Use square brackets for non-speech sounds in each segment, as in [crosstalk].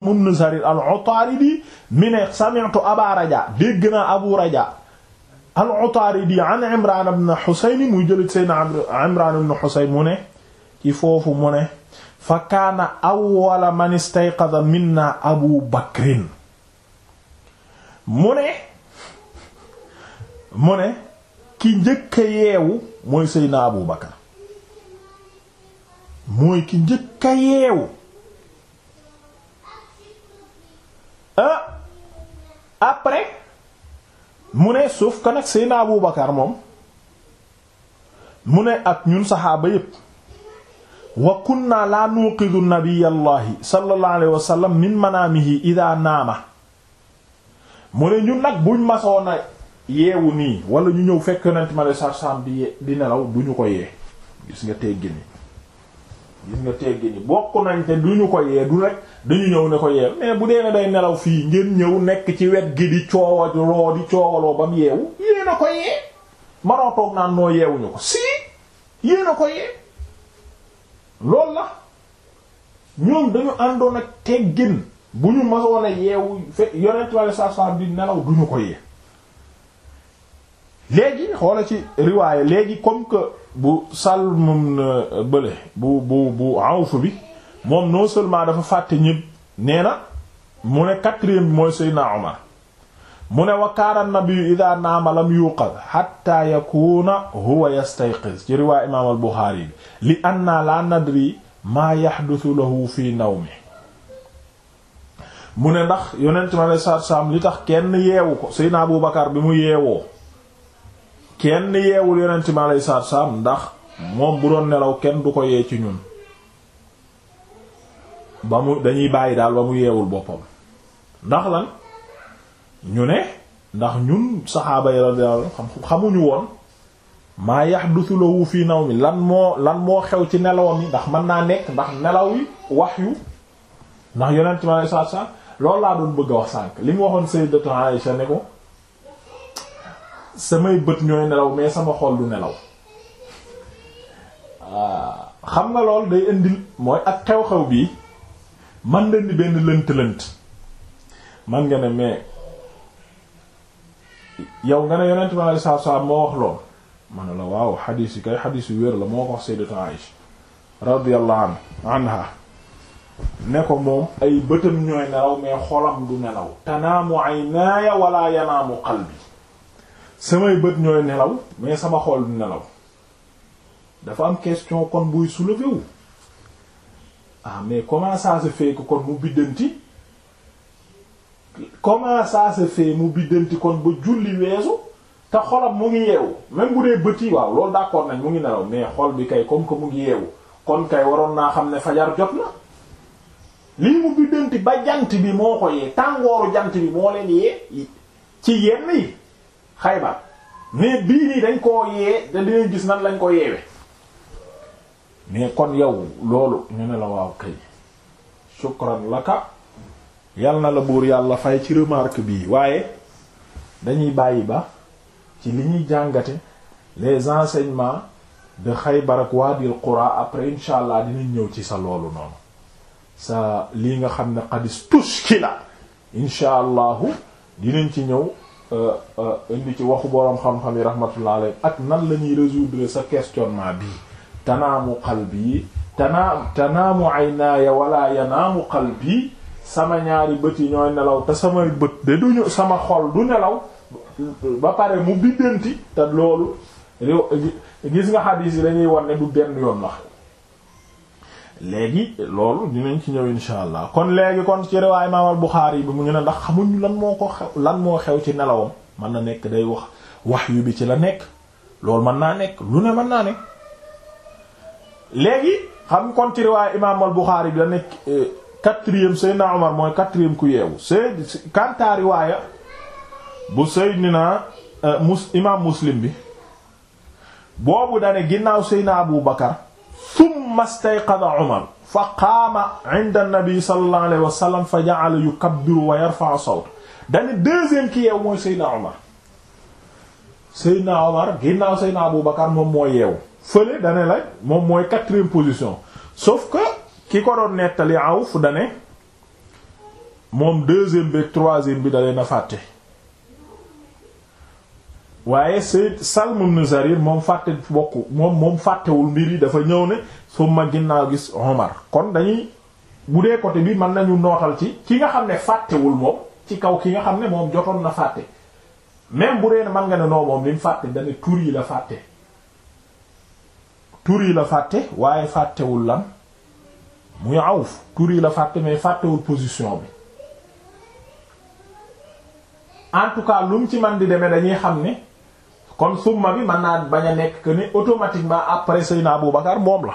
ibn Sarir al-Utaridi mi ne Aba Raja dégg Abu Raja al-Utaridi an Imran ibn Husayn muy jëlit Seydina Imran ibn Husayn mu ne ci foofu mu ne fa kaana awwala man istayqadha minna Abu Bakrin mu ki njëkk a yeewu mooy Seydina Abu Bakar mooy ki njëkk a Euh, après mu ne sauf que nag Seydina Abu moom mu ne ak ñun saxaaba yépp wa kunna la nuqidu nabiyallahi sallallahu min manaamihi ida naama mu ne ñun nag buñ masoona yeewu nii wala ñu ñëw fekk yonent ma le sarsam di nelaw du ñu ko yee gis nga teggini gis nga teggi ni bokk nañ te duñu ko yee du rek dañu ñëw ne ko yee mais bu dee ne day nelaw fii ngeen ñëw nekk ci wet gi di coowaloo di coowaloo ba mu yeewu yéen a ko yee manoo toog naan noo yeewuñu ko si yéen a ko yee loolu la ñoom dañu àndoon ak teggin bu ñu masoon yeewu fe yonent wala saa bi nelaw duñu ko yee léegi xoola ci riwaaye léegi comme que bu salmum euh, bële bu bu bu awf bi moom non seulement dafa fàtte ñëpp nee na mu ne quatrième bi mooy Seydina Omar mu ne wa kaana nabiyu ida naama lam yuqad xatta yakuuna huwa yastayqiz ci riwaay imaam al bi li anna la nadri maa yaxdusu lahu fi nawmi mu ne ndax yonent mi alei li tax kenn yeewu ko Seydina Abu Bakar bi mu yeewoo kenn yeewul yonent mi alayhi salaatu salaam ndax moom bu doon nelaw kenn du ko yee ci ñun ba mu dañuy bàyyi daal ba mu yeewul boppam ndax lan ñu ne ndax ñun saxaaba yi radiyallahu anhum xamuñu woon maa yahdusu lahu fii naw nawmi lan moo lan moo xew ci nelawam mi ndax mën naa nekk ndax nelaw yi wahyu ndax yonent mi alayhi salaatu salaam loolu laa doon bëgg a wax sànk li mu waxoon sayyidatu Aisha ne ko samay bët ñooy nelaw mais sama xol du nelaw ah, xam nga lool day indil mooy ak xew-xew bi man leen di benn lënt-lënt man nga ne mais yow nga ne yonent bi alayhi salaatu salaam moo wax lool ma ne la waaw xadiis yi kay xadiis yu wér la moo ko wax Sayyidatu Aïsha radiyallahu anha ne ko moom ay bëtam ñooy nelaw mais xolam du nelaw tanaamu aynaaya wala yanaamu qalbi samay bët ñooy nelaw mais sama xol du nelaw dafa am question kon buy soulever wu ah mais comment ça se fait que kon mu biddanti comment ça mu biddanti kon ba julli weesu te xolam mu ngi yeewu même bu dee bët yi waaw loolu d'accord nañ mu ngi nelaw mais xol bi kay comme que mu ngi yeewu kon kay waroon naa xam ne fajar jot na lii mu biddanti ba jant bi moo ko yee tàngooru jant bi moo leen yee ci yenn yi Xaybar mais bii nii dañ koo yee te dinañ gis nan lañ ko yeewe mais kon yow loolu ñu ne la waaw kay shukran laka yal na la buur yàlla fay ci remarque bii waaye dañuy bàyyi ba ci li ñuy jàngate les enseignements de Xaybar ak Wâdil Qourâ après insha allah dinañ ñëw ci sa loolu noonu sa lii nga xam ne xadis tushkila insha allahu dinañ ci ñëw Euh, euh, indi ci waxu boroom xam-xam yi rahmatullah alayhi ak nan la ñuy résoudre sa questionnement bi tanaamu xal qalbi tanaamu tanaamu aynaaya wala xal qalbi sama ñaari bët yi ñooy nelaw te samay bët de duñu sama xol du nelaw ba pare mu biddanti te loolu gis nga xadiis yi dañuy war ne du benn yoon la léegi loolu dinañ ci ñëw insha allah kon léegi kon ci riwaay imaam al bi mu ngi ne ndax xamuñu lan moo ko xew lan moo xew ci nelawam mën na nekk day wax wax yu bi ci la nekk lool mën naa nekk lu ne mën naa nekk léegi xam kon ci riwaay imaam al bi la nekk eh, quatrième Seydina Omar mooy quatrième ku yeewu Seyd kanta riwaaya bu Seydina eh, mus imaam Muslim bi boobu dane ginnaaw Seydina Abu Bakar summa stayqada Umar fa qaama inda nabi sallallahu alayhi wa sallam fa ja'ala yukabbiru wa yarfa'u sawta dañu deuxième ki yeew mooy Seydina Omar Seydina Omar ginnaaw Seydina Abu Bakar moom mooy yeew fële dane la moom mooy quatrième position sauf que ki ko doon nettali Awf dane moom deuxième bi troisième bi dalee na fàtte waaye Sayyid Salm ibn Zarir moom fàtte bokk moom moom fàttewul mbir yi dafa ñëw ne summa ginnaaw gis Omar kon dañuy bu dee côté bi mën nañu nootal ci ki nga xam ne fàttewul moom ci kaw ki nga xam ne moom jotoon na fàtte même bu dee ne nga ne noo moom li mu fàtte dane tur yi la fàtte tur yi la fàtte waaye fàttewul lan muy awuf tur yi la fàtte mais fàttewul position bi en tout cas lu mu ci man di demee dañuy xam ne kon summa bi mën naa bañ a nekk que ne automatiquement après Seydina Abu Bakar moom la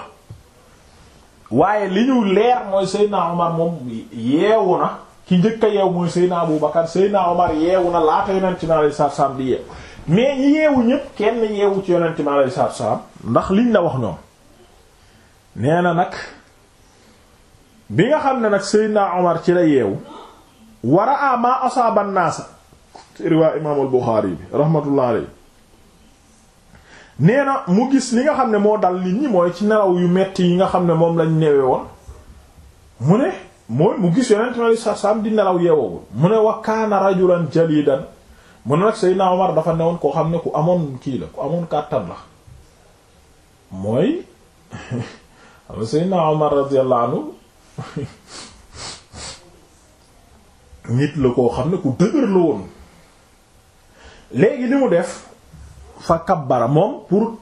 waaye li ñu leer mooy Seydina Omar moom yeewu na ki njëkk a yeew mooy Seydina Abu Bakar Seydina Omar yeewu na laata yonent mi alayhi salaatu salaam di yeew mais ñi yeewu ñépp kenn yeewu ci yonent mi alayhi salaatu salaam ndax liñ la wax ñoom nee na nag bi nga xam ne nag Seydina Omar ci la yeewu wara a ma asaaba naasa riwaa imaamul Buxaari bi rahmatullah alayhi nee na mu gis li nga xam ne moo dal nit ñi mooy ci nelaw yu metti yi nga xam ne moom lañ newee woon mu ne mooy mu gis yonent mi sa saam di nelaw yeewoo mu ne wa kaana rajulan jalidan mu ne nag Seydina Omar dafa newoon koo xam ne ku amoon kii la ku amoon kàttan mooy [laughs] Seydina Omar radiyallahu [laughs] la koo xam ne ku dëgër la woon léegi li mu def fa kabbara moom pour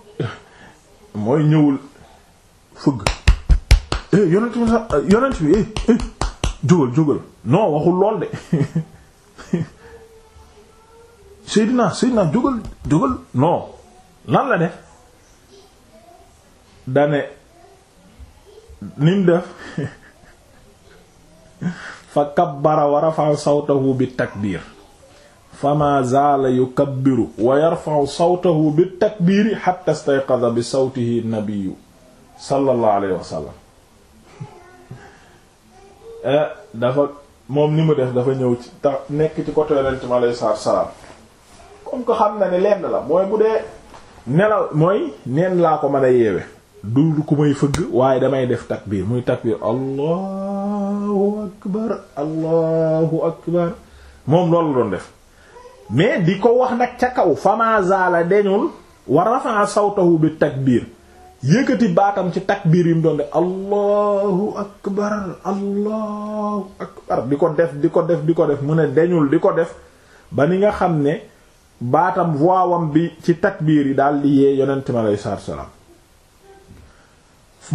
mooy ñëwul fëgg eh, yonent bi sa yonent bi eh, eh, jógal jógal non waxul lool de [laughs] Seydina Seydina jógal jógal non lan la def dane nim def [laughs] fa kabbara wa rafa'a sawtahu bi takbir fama zaala yukabbiru wa yarfa'u sawtahu bitakbiiri hatta istayqadha bi sawtihi nabiyyu sallallahu alayhi [laughs] eh, dafa moom ni mu def dafa ñëw ci ta nekk ci côté yonent mi salaam comme que xam na ne lenn la mooy bu dee nelaw mooy neen laa ko mën a yeewe du ku may fëgg waaye damay def takbiir muy takbiir allahu akbar allahu akbar moom loolu la doon def mais di ko wax nag ca kaw famazala deñul wa rafa'a sawtahu bi takbir yëkkati baatam ci takbir yi mu doon de allahu akbar allahu akbar di ko def di ko def di ko def mu ne deñul di ko def ba ni nga xam ne baatam waawam bi ci takbir yi daal di yee yonent salaam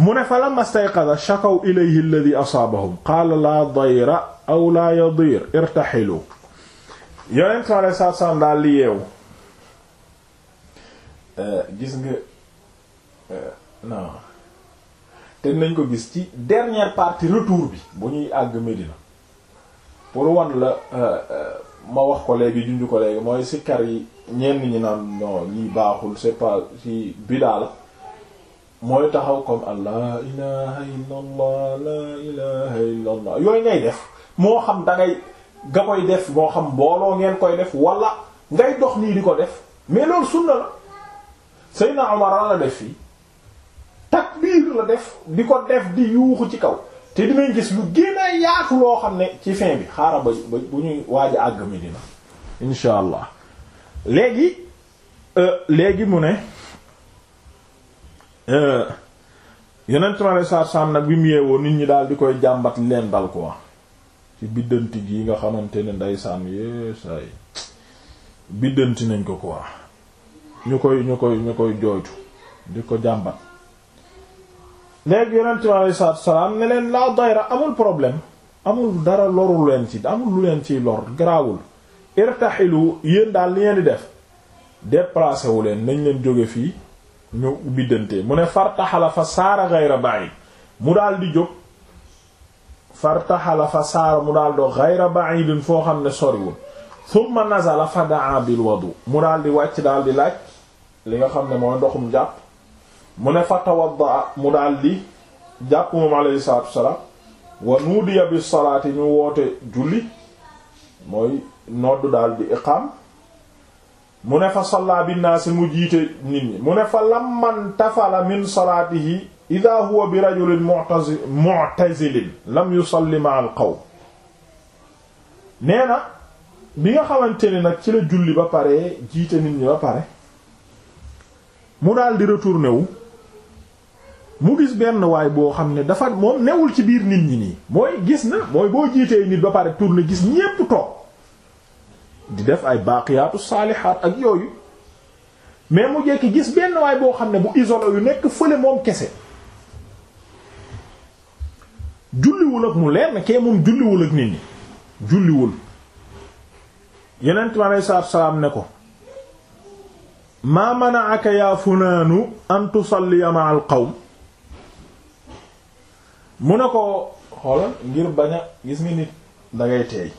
mu ne fa lamma stayqada shakaw ilayhi alladhi asaabahum qaala laa dayra aw laa yadiir irtahilu yonent mi alei satu salaam daal yeewu eh, gis nga eh, non te nañ ko gis ci dernière partie retour bi bu ñuy àgg Medina pour wan la eh, ma wax ko léegi junj ko léegi mooy sikkar yi ñenn ñi naan non baaxul c'est pas ci bidaa la mooy taxaw comme allah ilaha illa allah la ilaha def moo xam dangay nga koy def moo xam mbooloo ngeen koy def walla ngay dox nii di ko def mais loolu sunna la Seydina Omar la def fii takbiir la def di ko def di yuuxu ci kaw te dinañ gis lu gën a yaatu loo xam ne ci fin bi xaaral ba bu ñuy waaj a àgg mi dina insha allah léegi euh, léegi mu ne yeneen time a ne saar nag bi mu yeewoo nit ñi daal di koy jàmbat leen dal quoi ci biddanti gi nga xamante ne ndeysaan yee saay biddanti nañ ko quoi ñu koy ñu koy ñu koy jooytu di ko jàmbat léegi yonent bi alei salatuasalaam ne leen laa dayra amul problème amul dara loru leen ci amul lu leen ciy lor garaawul irtaxilu yéen daal li ngeen di def déplacé wu leen nañ leen jóge fii ñu biddante mu ne fartaxala fa saara gayra bàyyi mu daal di jóg fartaxala fa saara mu daal do xayra ba'idin foo xam ne soriwul thumma nazala fa daa bil wadu mu daal di wàcc daal di laaj nga xam ne mooy ndoxum jàpp mu ne fa tawadda mu daal di jàpp moom alayhi salaatu wasalaam wa nuudiya bi salaati mu ne fa salla binnaasi mu jiite nit mu ne fa lamman tafala min salaatihi ida huwa bi rajulin mu'tazilin lam yusalli ma al qawm nee na bi nga xawante ne nag ci la julli ba pare jiite nit ñi ba pare mu dal di retourné wu mu gis benn waay boo xam ne dafa moom newul ci biir nit ñi nii mooy gis na mooy boo jiitee nit ba pare tourné gis ñépp toog di def ay baaqiyaatu saalihaat ak yooyu mais mu jekki gis benn waay boo xam ne bu isolé yu nekk fële moom kese julliwul ak mu leer na kee moom julliwul ak nit ñi julliwul yeneen mi alei salaam ne ko maa manaaka yaa funaanu an tusalliya al qawm mu ne ko xoolal ngir bañ gis nga nit dangay teey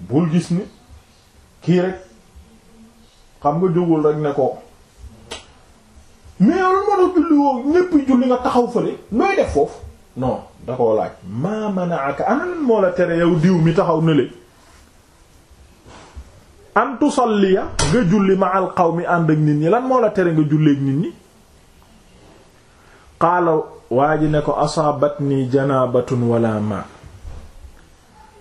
bul gis ni kii rek xam nga jógul rek ne ko mais lu ma julliwoo ñépp julli nga taxaw fële looy def foofu non da koo laaj maa manaaka ana lan moo la tere yow diw mi taxaw na le an tusalliya nga julli ma al qawmi ànd ak nit ñi lan moo la tere nga julleek nit ñi qaala waa ji ne ko asaabat ni janaabatun wala ma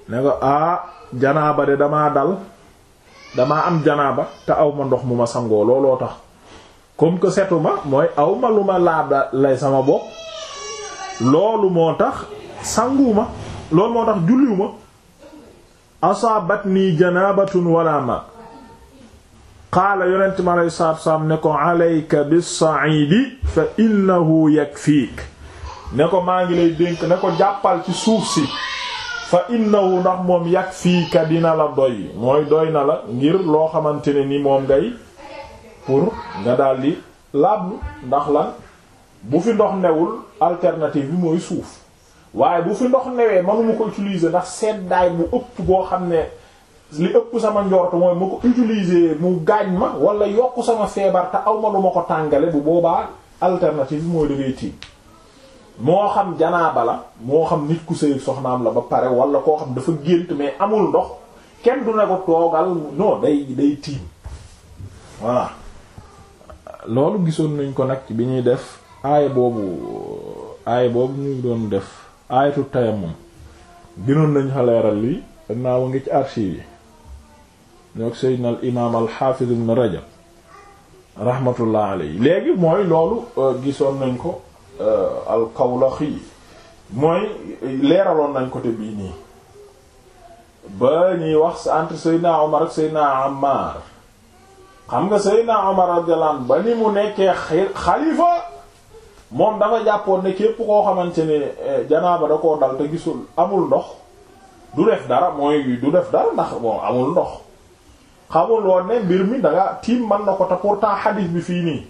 ne ko aa janaaba de damaa dal damaa am janaaba te aw ma ndox mu ma sangoo looloo tax comme que setu ma mooy aw ma lu ma laab lay sama bopp loolu moo tax sanguuma loolu moo tax julliwuma asaabat nii janabatun wala ma qaala yonent mi aleyi salaatu salaam ne ko alayka bis-sa'iidi fa innahu yakfiik ne ko maa ngi lay dénk ne ko jàppal ci suuf si fa innahu ndax moom yakfiika dina la doy mooy doy na la ngir loo xamante ne ni moom ngay pour nga daldi laablu ndax lan bu fi ndox newul alternative bi mooy suuf waaye bu fi ndox newee mënuma ko utiliser ndax seddaay bu ëpp boo xam ne li ëpp sama njort mooy ma ko utiliser mu gaañ ma wala yokk sama feebar te aw ma lu ma ko tàngale bu boobaa alternative bi mooy dangay tiim moo xam janaaba la moo xam nit ku sëy soxnaam la ba pare wala koo xam dafa gént mais amul ndox kenn du ne ko toogal non day day tiim voilà loolu gisoon nañ ko nag bi ñuy def aaya boobu aaya boobu ñu doon def aayatu tayammum gënoon nañ fa leeral lii dag naa wa ngi ci archive yi ñoo seydna al imaam al xaafiz ibn rajab rahmatullah alayhi léegi mooy loolu euh, gisoon nañ ko euh, al kawlaxi mooy leeraloon nañ côté bii nii ba ñuy wax entre seydna omar ak seydna ammar xam nga seydna omar radiyallahu anhu ba ni mu nekkee xalifa moom dafa jàppoon ne képp koo xamante ne eh, janaaba da koo dal te gisul amul ndox du def dara mooy du def dara ndax moom amul ndox xamul woon ne mbir mi da nga tiim na ko te pourtant xadiis bi fii nii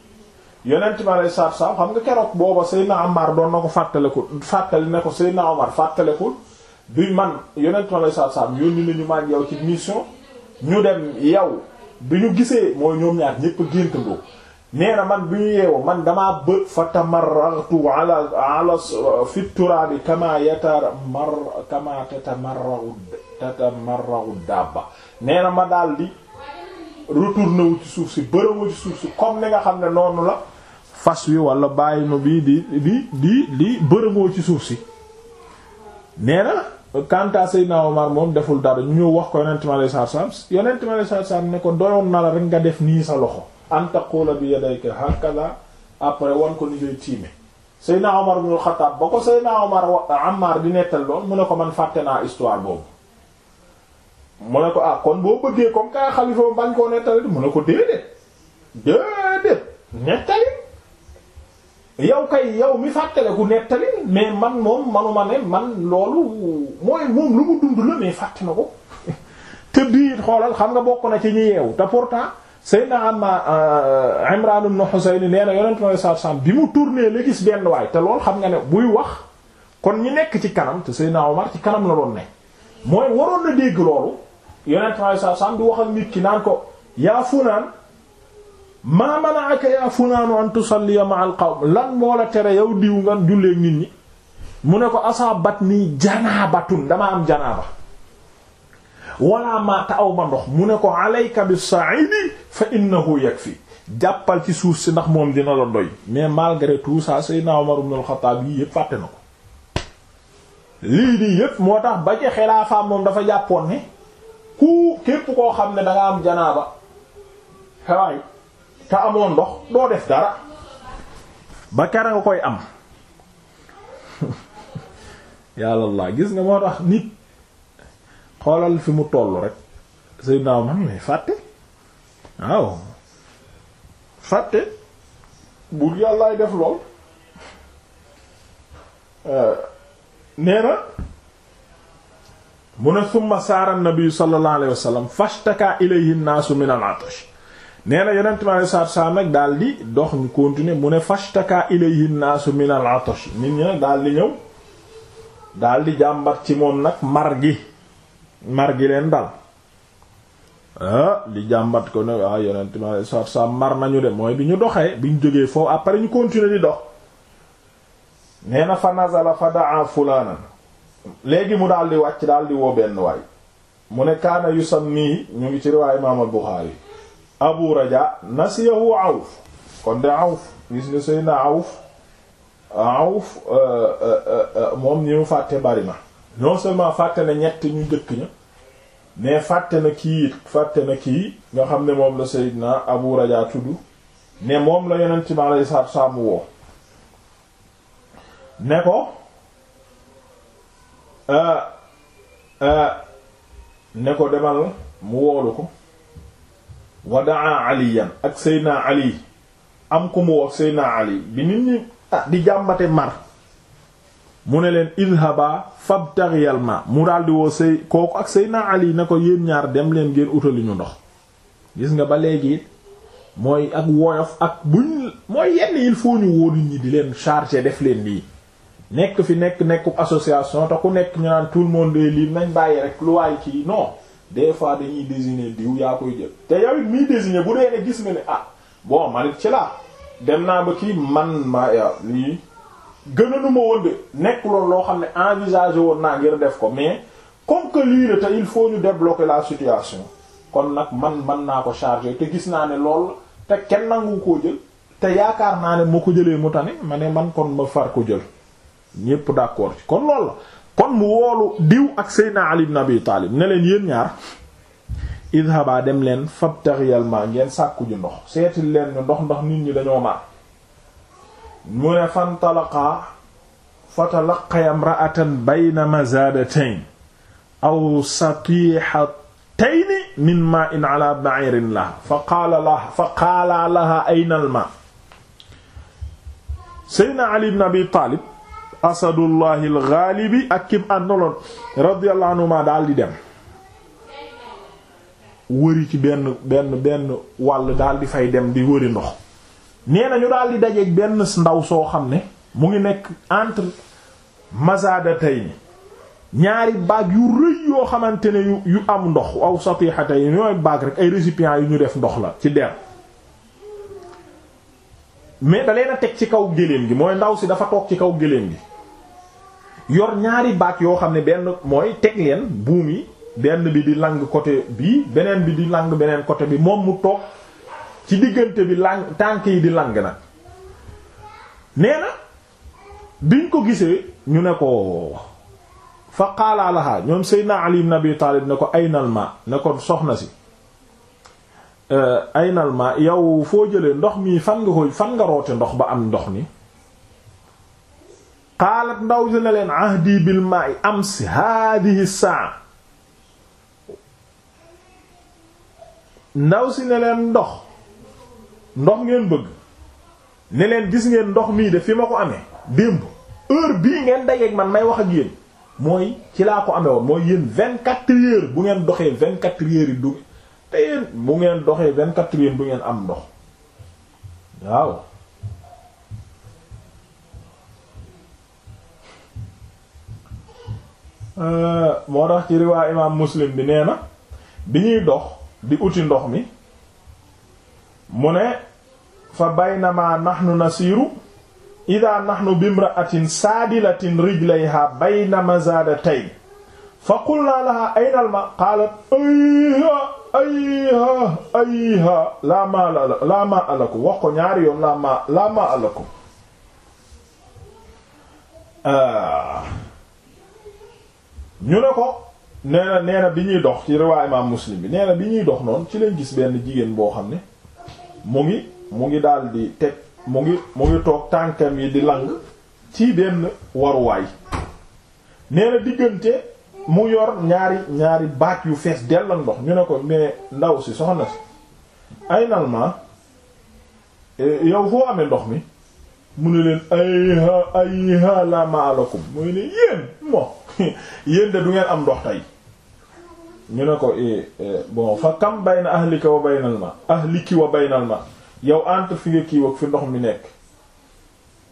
yonent mi alayhi salaatu salaam xam nga keroog booba Seydina Ammar doon na ko fàttaliku fàttali ne ko Seydina Omar fàttaliku bi man yonent mi alayhi salaatu salaam yónni nañu ma ak yow ci mission ñu dem yow bi ñu gisee mooy ñoom ñaar ñépp a géntandoo nee man bi ñu yeewu man damaa bë fa tamarragtu ala ala fi turaabi kama yatamar kama tatamarragu tatamarragu dabba nee na ma daal di retourné ci suuf si bërëwu ci suuf si comme ni nga xam ne noonu la fas wi wala bàyyi nu bi di di di di bërëmoo ci suuf si nee na kanta Seydina moom deful dara ñu ñëw wax ko yonent mi alayhi salaatu salaam yonent mi alayhi ne ko doyoon na la rek nga def nii sa loxo an taqula bi yadayka hakaza après wan ko ni ngay tiime Seydina Omar ibn al-Khattab ba ko Seydina Omar wa Ammar di nettal lool mu ne ko man fàtte naa histoire boobu ne ko ah kon boo bëggee comme kaa xalifa bañ koo nettali mu ne ko déedéet déedéet nettali yow kay yow mi fàttale ku nettali mais man moom manuma ne man loolu mooy moom lu mu dund la mais fàtte na ko [laughs] te biir xoolal xam nga bokk na ci ñi yeewu te pourtant Seydina Amma Imran ibn Husayn nee na yonent ma saa saam bi mu tourné la gis benn waay te lool xam nga ne buy wax kon ñi nekk ci kanam te Seydina Omar ci kanam la doon ne mooy waroon na dégg loolu yonent ma saa saam di wax ak nit ki naan ko yaa Funaan maa mana'aka yaa Funaan an tusalliya ma'al lan moo la tere yow diw nga jullee nit ñi mu ne ko asaabat nii janaabatun dama am janaaba wala maata aw ma ndox mu ne ko alayka bis sa'idi fa innahu fi jàppal ci suuf si ndax moom dina la doy mais malgré tout ça Seydina Umar ibn al-Khattab yii yëpp fàtte na ko lii di yëpp moo tax ba ci xilaafaam moom dafa jàppoon ne ku képp koo xam ne da nga am janaaba xewaay te amoon ndox doo def dara ba kera nga koy am [laughs] yàlla laa gis nga moo tax nit xoolal fi mu toll rek Seydina Umar fàtte waaw fàtte buur yàllaay def lool euh, nee na mu ne summa saara nabi sallallahu alayhi fashtaka ilayhi naasu min al atash nee na yonent mi alayhi salaatu salaam nag daal dox ñu continuer mu ne fashtaka ilayhi naasu min al atash nit ñi nag daal di ñëw daldi di ci moom nag mar gi mar gi leen dal ah di jàmbat ko ne ah yonent ma sa sa mar nañu de mooy bi ñu doxee bi ñu jógee foofu après ñu continuer di dox nee na fa nazala fa daa fulaanan léegi mu daal di wàcc daal di woo benn waay mu ne kaana nii ñu ngi ci riwaay imaam al Buxaari abu raja nasiyahu awf kon de awf gis nga sëy na awf awf euh, euh, euh, moom ñi mu fàtte bari na non seulement fàtte na ñett ñu jëkk ña mais fàtte na kii it fàtte na kii nga xam ne moom la Seydina Abu Raja tudd ne moom la yonent mi alayhi salaatu salaam woo ne ko euh, euh, ne ko demal mu woolu ko wadaa aliyan ak Seydina Ali am ku mu woo Seydina Ali bi nit ñi ah, di jàmbate mar mu ne leen idhaba fabtaghiyal ma mu daldi woo say kooku ak Seydina yi na ko yéen ñaar dem leen ngeen utali ñu ndox gis nga ba léegi mooy ak woyof ak bu mooy yenn il faut ñu woo nit ñi di leen charger def leen nii nekk fi nekk nekku association te ku nekk ñu naan tout le monde est nañ bàyyi rek lu waay ci non des fois dañuy désigner diw yaa koy jël te yow it miy bu dee ne gis ma ne ah bon man ci laa dem naa ba kii man ma lii nu ma woon de nekkuloon loo xam ne envisagé woon naa ngir def ko mais comme que lii la te il faut ñu débloquer la situation kon nag man man naa ko chargé te gis naa ne lool te kenn nangu ko jël te yaakaar naa ne ma ko jëlee mu tane ma ne man kon ma far ko jël ñépp d'accord ci kon lool la kon mu woolu diw ak Seydina Ali ibn Abi Talib ne leen yéen ñaar idhaba dem leen fabtaghiyal ma ngeen sàkku ji ndox seetil leen ñu ndox ndax nit ñi dañoo mar mu ne fantalaqaa fatalaqa imra'atan bayna mazaadatayn aw satihatayni min maa'in ala ba'irin laha fa qaala laha fa qaala laha ayna al-maa' seydna ali ibn abi taalib asadullahi al-ghaalibi ak kim àndaloon radiyallahu anhuma daal di dem wëri ci benn benn benn wàll daal di fay dem di wëri ndox nee na ñu daal di dajeeg benn ndaw soo xam ne mu ngi nekk entre mazadatayni ñaari baag yu rëy yoo xamante ne yu am ndox aw satihatayni ñooy baag rek ay récipients yu ñu def ndox la ci der mais da leen teg ci kaw gëléem gi mooy ndaw si dafa toog ci kaw gëléem gi yor ñaari baag yoo xam ne benn mooy teg leen buum yi benn bi di lang côté bii beneen bi di lang beneen côté bi moom mu toog ci diggante bi lang tànk yi di lang nag nee na biñ ko gisee ñu ne ko fa qaala laha ñoom seydna ali ibn abi taalib ne ko aynal ma ne ko soxna si eh, aynal ma yow foo jëlee ndox mi fan nga ko fan nga roote ndox ba am ndox ni qaalat ndaw si ne leen ahdi bil ma'i ams hadihi saa ndaw si ne leen ndox ndox ngeen bëgg ne leen gis ngeen ndox mii de fi ma ko amee démb heure bii ngeen dajeeg man may wax ak yéen mooy ci laa ko amee woon mooy yéen vingt quatre heures bu ngeen doxee vingt quatre heures yi du te yéen bu ngeen doxee vingt quatre heures du ngeen am ndox waaw euh, moo tax ci riwaa imaam muslim bi nee na bi ñuy dox di uti ndox mi mu ne fa baynama nahnu nasiiru ida nahnu bimra'atin saadilatin rijlayha bayna mazaadatayn fa qulna laha ayna alma qaalat ayha ayha ayha laa maa laa maa lakum wax ko ñaari yoon laa maa laa maa lakum ah. ñu ne ko nee na nee na bi ñuy dox ci riwaa imaam muslim bi nee na bi ñuy dox noonu ci lañ gis benn jigéen boo xam ne mu ngi mu ngi daal di teg mu ngi mu ngi toog tànkam yi di lang ci benn waruwaay nee na diggante mu yor ñaari ñaari baat yu fees dellal ndox ñu ne ko mais ndaw si soxna si ay nal ma eh, yow foo amee ndox mi mu ne leen ayha ayha la maalakum mooy ne yéen mo [laughs] yéen de du ngeen am ndox tey ñu ne ko eh, eh, bon fa kam bayna ahlika wa baynal ma ahliki wa baynal ma yow entre fi nga kii fi ndox mi nekk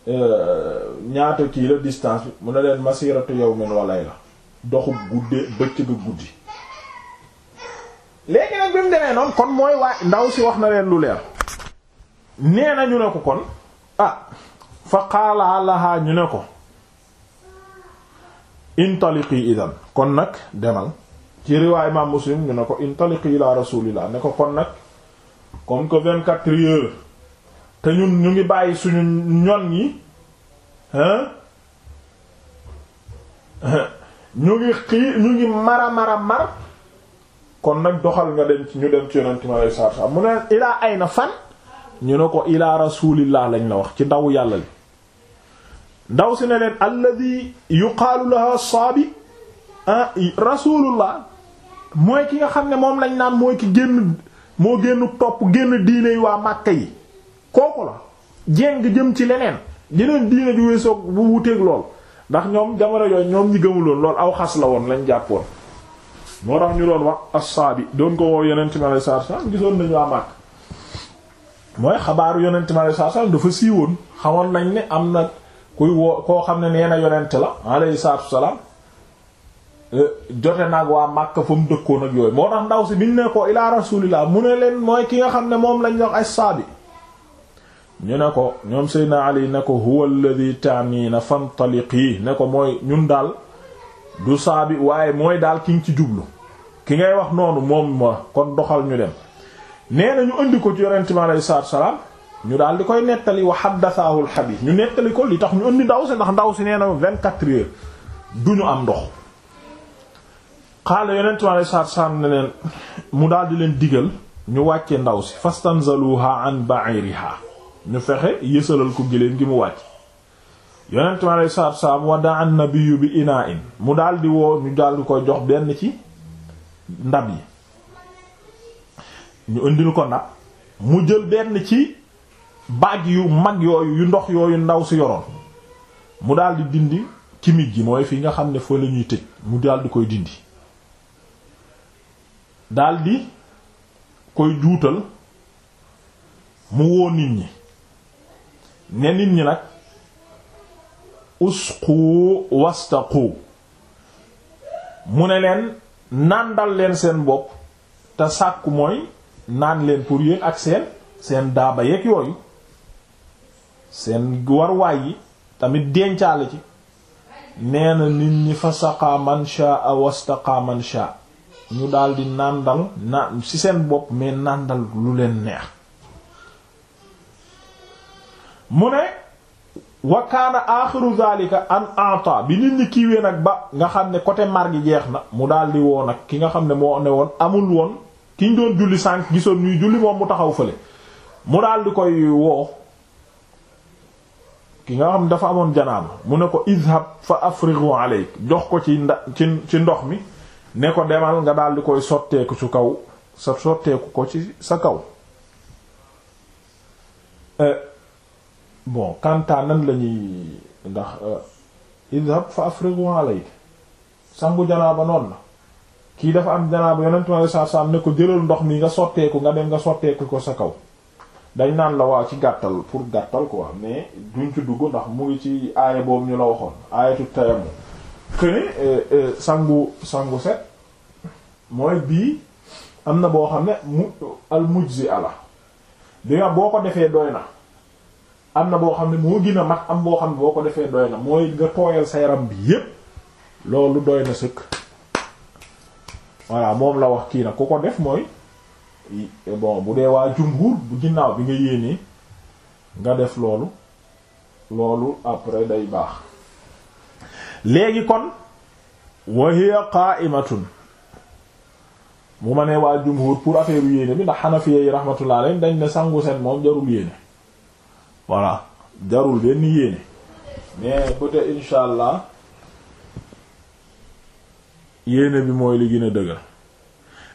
euh, ñaata kii la distance bi mu ne leen masiratu yawmin wa layla doxub guddee bëccëg ak guddi léegi nag bi mu demee noonu kon mooy waa ndaw si wax na leen lu leer nee na ñu ne ko kon ah fa qaala laha ñu ne ko intaliqi idan kon nag demal ci riwaay imaam muslim ñu ne ko intaliqi ila rasulillah ne ko kon nag comme que vingt-quatre heures te ñu ñu ngi bàyyi suñu ñoñ yi hein [laughs] ñu ngi xii ñu ngi mara mara mar kon nag doxal nga dem ci ñu dem ci yonent ma lay saar saar mu ne ilaa ay na fan ñu ne ko ilaa rasulillah lañ la wax ci ndaw yàlla li ndaw si ne leen alladi yuqaalu laha saabi ah, rasulullah mooy ki nga xam ne moom lañ naan mooy ki génn moo génn topp génn diine yi waa Màkka yi kooku la jéng jëm ci leneen yeneen diine ju weesoog bu wuteeg lool ndax ñoom jamono yooyu ñoom ñi gëmuloon lool aw xas la woon lañ jàppoon moo tax ñu doon wax assaabi doon ko woo yonent mi alayhi salaatu salaam gisoon nañu waa Màkka mooy xabaaru yonent mi alayhi salaatu salaam dafa siiwoon xamoon nañ ne am na kuy woo koo xam ne nee na yonent la alayhi salaatu salaam Euh, jote nag waa Makka fa mu dëkkoon a yooyu moo tax ndaw si biñ ne ko ilaa rasulillah mu ne leen mooy ki nga xam ne moom lañ wax ay saabi ñu ne ko ñoom Seydina Ali ne ko huwa alladhi taaniina fantaliqi ne ko mooy ñun daal du saabi waaye mooy daal ki ci jublu ki ngay wax noonu moom ma kon doxal ñu dem nee na ñu indi ko ci yonente mi alayhi salaatu salaam ñu daal di koy nettali wa haddathaahu al-Habib ñu nettali ko li tax ñu indi ndaw si ndax ndaw si nee na 24 heures du ñu am ndox xaala yonent mi alei saatu salaam ne mu daal di leen digal ñu wàcce ndaw si fastanzaluha an ba'iriha ñu fexe yësalal ko gëléem gi mu wàcc yonent mi alei saatu salaam wada an nabiyu bi ina mu daldi woo ñu daal di koy jox benn ci ndab yi ñu indil ko ndab mu jël benn ci baag yu mag yooyu yu ndox yooyu ndaw si yoroon mu daal di dindi kimig gi mooy fii nga xam ne foo la tëj mu daal koy dindi daldi koy juutal mu woo nit ñi ne nit ñi nag usqu wastaqu mu ne leen nàndal leen seen bopp te sàkku mooy naan leen pour yéen ak seen seen daaba yeeg yooyu seen warwaay yi tamit dencaale ci nee na nit ñi fa saqa man shaa wastaqa man shaa ñu daal di nàndal na ci seen bopp mais nàndal lu leen neex mu ne wa kaana aaxiru zalika an ata bi nit ñi kiiwee nag ba nga xam ne côté mar gi jeex na mu daal di woo nag ki nga xam ne moo ne woon amul woon ki ñu doon julli sànq gisoon ñuy julli moom mu taxaw fële mu daal di koy woo ki nga xam dafa amoon janaaba mu ne ko izhab fa afrighu alayk jox ko ci nda ci ci ndox mi ne ko demal nga daal di koy sotteeku su kaw sa sotteeku ko ci sa kaw euh, bon kanta nan lañuy ndax euh, idhab fa afrigu alayk sangu janaaba noonu la kii dafa am janaaba yonent ma saa saa ne ko jëlal ndox mi nga sotteeku nga dem nga sotteeku ko sa kaw dañ naan la waa ci gàttal pour gàttal quoi mais duñ ci dugg ndax mu ngi ci aaya boobu ñu la waxoon aayatu tayammum Euh, euh, sangu sangu set mooy bii am na boo xam ne mu al mujzi ala bi nga boo ko defee doy na am na boo xam ne moo gën a mat am boo xam ne boo ko defee doy na mooy nga tooyal sa yaram bi yépp loolu doy na sëkk voilà moom la wax kii nag ku ko def mooy bon bu dee waa jumhur bu ginnaaw bi nga yéenee nga def loolu loolu après day baax léegi kon wa hiya qa'imatun mu ma nee waa jumhur pour affaire yéene bi ndax xanafiya yi rahmatullah alayhim dañ ne sangu seen moom jarul yéene voilà jarul benn yéene mais peut-être insha allah bi mooy li gën a dëgër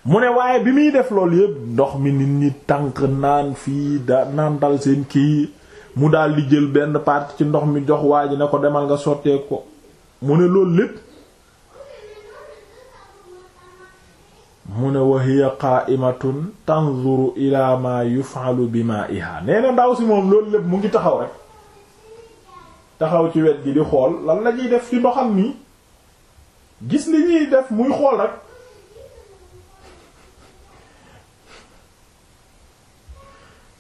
mu ne waaye bi muy def loolu yépp ndox mi nit ñi tànk naan fii da naan dal seen kii mu daal di jël benn partie ci ndox mi jox waa ji ne ko demal nga sottee ko mu ne loolu lépp mu ne wa hiya qa'imatun tanzuru ila ma yuf'alu bima'iha nee na ndaw si moom loolu lépp mu ngi taxaw rek taxaw ci wet gi di xool lan la ñuy def ci ndoxam nii gis li ñuy def muy xool rek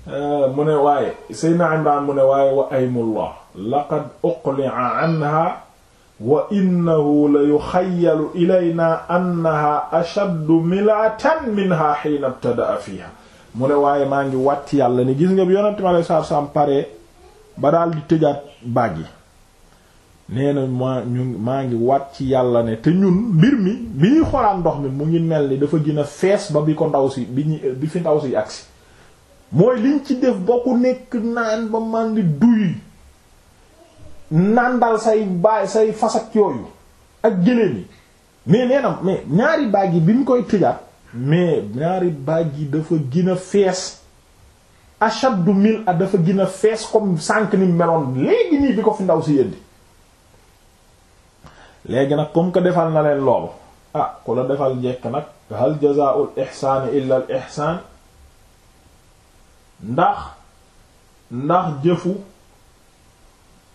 euh, mu ne waaye Seydina Imran mu ne waaye wa aymullah laqad uqli'a anha wa innahu la yuxayyalu ilayna annaha ashaddu milatan minha xiina ibtadaa fiha mu ne waaye maa ngi wàtt yàlla ne gis nga bi yonente mi alei satu salaam paree ba daal di tëjaat baag nee na maa ñu maa ngi wàtt ci yàlla ne te ñun mbir mi bi ñuy xolaan ndox mi mu ngi mel ni dafa gën a fees ba bi ko ndaw si bi ñu bi fi ndaw si agsi mooy liñ ci def bokk nekk naan ba maa duy nandal say baay say fasak yooyu ak gëléem yi mais nee mais ñaari baag yi bi mu koy tëjaat mais ñaari baag yi dafa gën a fees ashaddu mil a dafa gën a fees comme sànq ni meloon léegi nii bi ko fi ndaw si yëndi léegi nag comme que defal na leen loolu ah ku la defal njekk nag hal jazaa'ul ihsaani illa ihsaan ndax ndax jëfu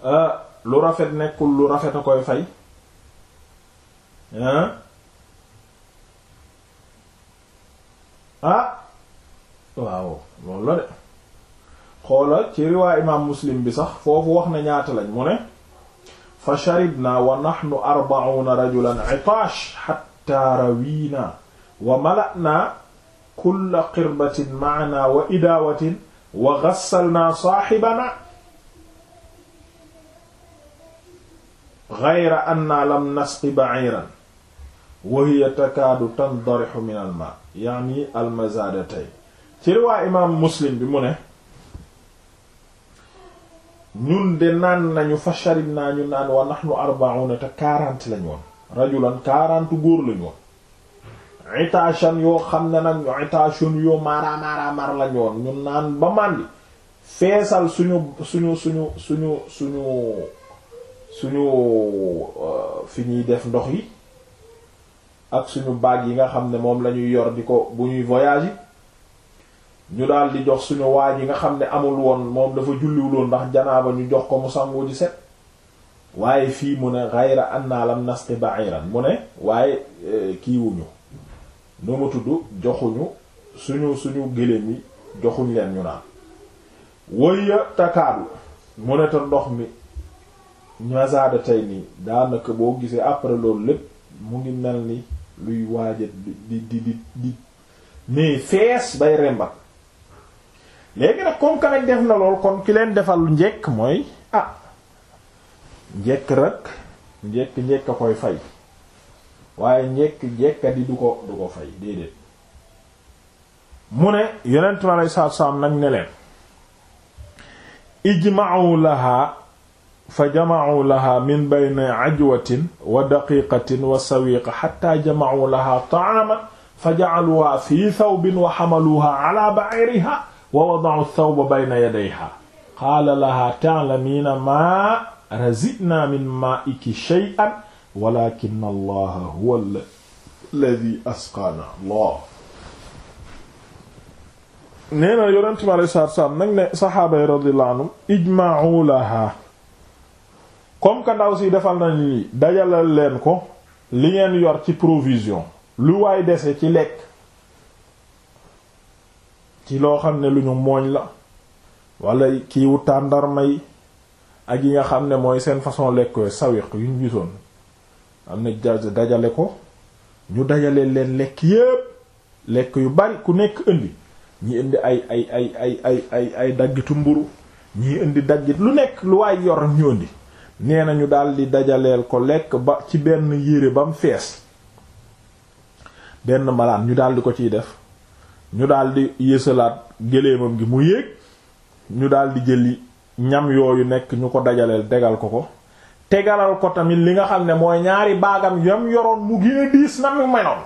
ah, lu rafet nekkul lu rafet a koy fay hein ah waaw loolu de xoolal ci riwaa imaam muslim bi sax foofu wax na ñaata lañ mu fa sharibna wa nahnu arba'una rajulan itaash hatta rawiina wa mala'na kulla qirbatin ma'ana wa idaawatin wa ghassalna saahibanaa ghayra anna lam nasqi ba'iran wa hiya takaadu tandarixu min al ma yaani al mazaadatayn ci riwaa imaam muslim bi mu ne ñun de naan nañu fa sharib naa ñu naan wa nahnu arba'una te quarante lañu woon rajulan quarante góor lañu woon itaashan yoo xam ne nag itaashun yoo maara maara mar lañu woon ñu naan ba màndi feesal suñu suñu suñu suñu suñu suñu euh, fi ñuy def ndox yi ak suñu baag yi nga xam ne moom lañuy yor di ko bu ñuy voyage ñu daal di jox suñu waa yi nga xam ne amul woon moom dafa julliwuloon ndax janaaba ñu jox ko mu sangu ji set waaye fii mu ne xayra anna lam nasti ba'iran mu ne waaye euh, kiiwuñu nu tudd joxuñu suñu suñu gëléem yi joxuñ leen ñu naan wëya takaadu mu ne te ndox mi ñasaada tey nii daanaka boo gisee après loolu lépp mu ngi mel ni luy waaja di di di di bay rembat léegi nag comme que lool kon ki leen defal njekk mooy ah njekk rek njekk njekk a koy fay waaye njëkk njekka di du ko du ko fay déedéet mu ne yonent ma lay saab saab nag ne leen ijma'u laha fa jamacuu lahaa min bayne ajwatin wa daqiqatin wa sawiqa xatta jamacuu lahaa taaman fa jacaluuhaa fii thawbin wa xamaluuhaa ala baciriha wa wadacuu thawba bayna yadayhaa qaala lahaa taclamiina maa razinaa min maa'iki shay'an walakin allaha huwa alladi asqaana allah nee na yonent bi alayhi salaatu wa salaam nag ne saxaaba yi radiyallahu anhum ijma'uu lahaa comme que ndaw si defal nañ lii dajalal leen ko li ngeen yor ci provision lu waay dese ci lekk ci loo xam ne lu ñu mooñ la wala kiiwu tàndarma may ak yi nga xam ne mooy seen façon lekk sawiq yu ñu gisoon am na dajale ko ñu dajale leen lekk yépp lekk yu bari ku nekk indi ñi indi ay ay ay ay ay ay ay daggit mburu ñi indi daggit lu nekk lu waay yor ñu indi nee na ñu daldi dajaleel ko lekk ba ci benn yére ba mu fees benn malaan ñu daldi ko ciy def ñu daldi yësalaat géléemam gi mu yéeg ñu daldi jëli ñam yooyu nekk ñu ko dajaleel tegal ko ko tegalal ko tamit li nga xam ne mooy ñaari baagam yam yoroon mu gën a diis na mu menoon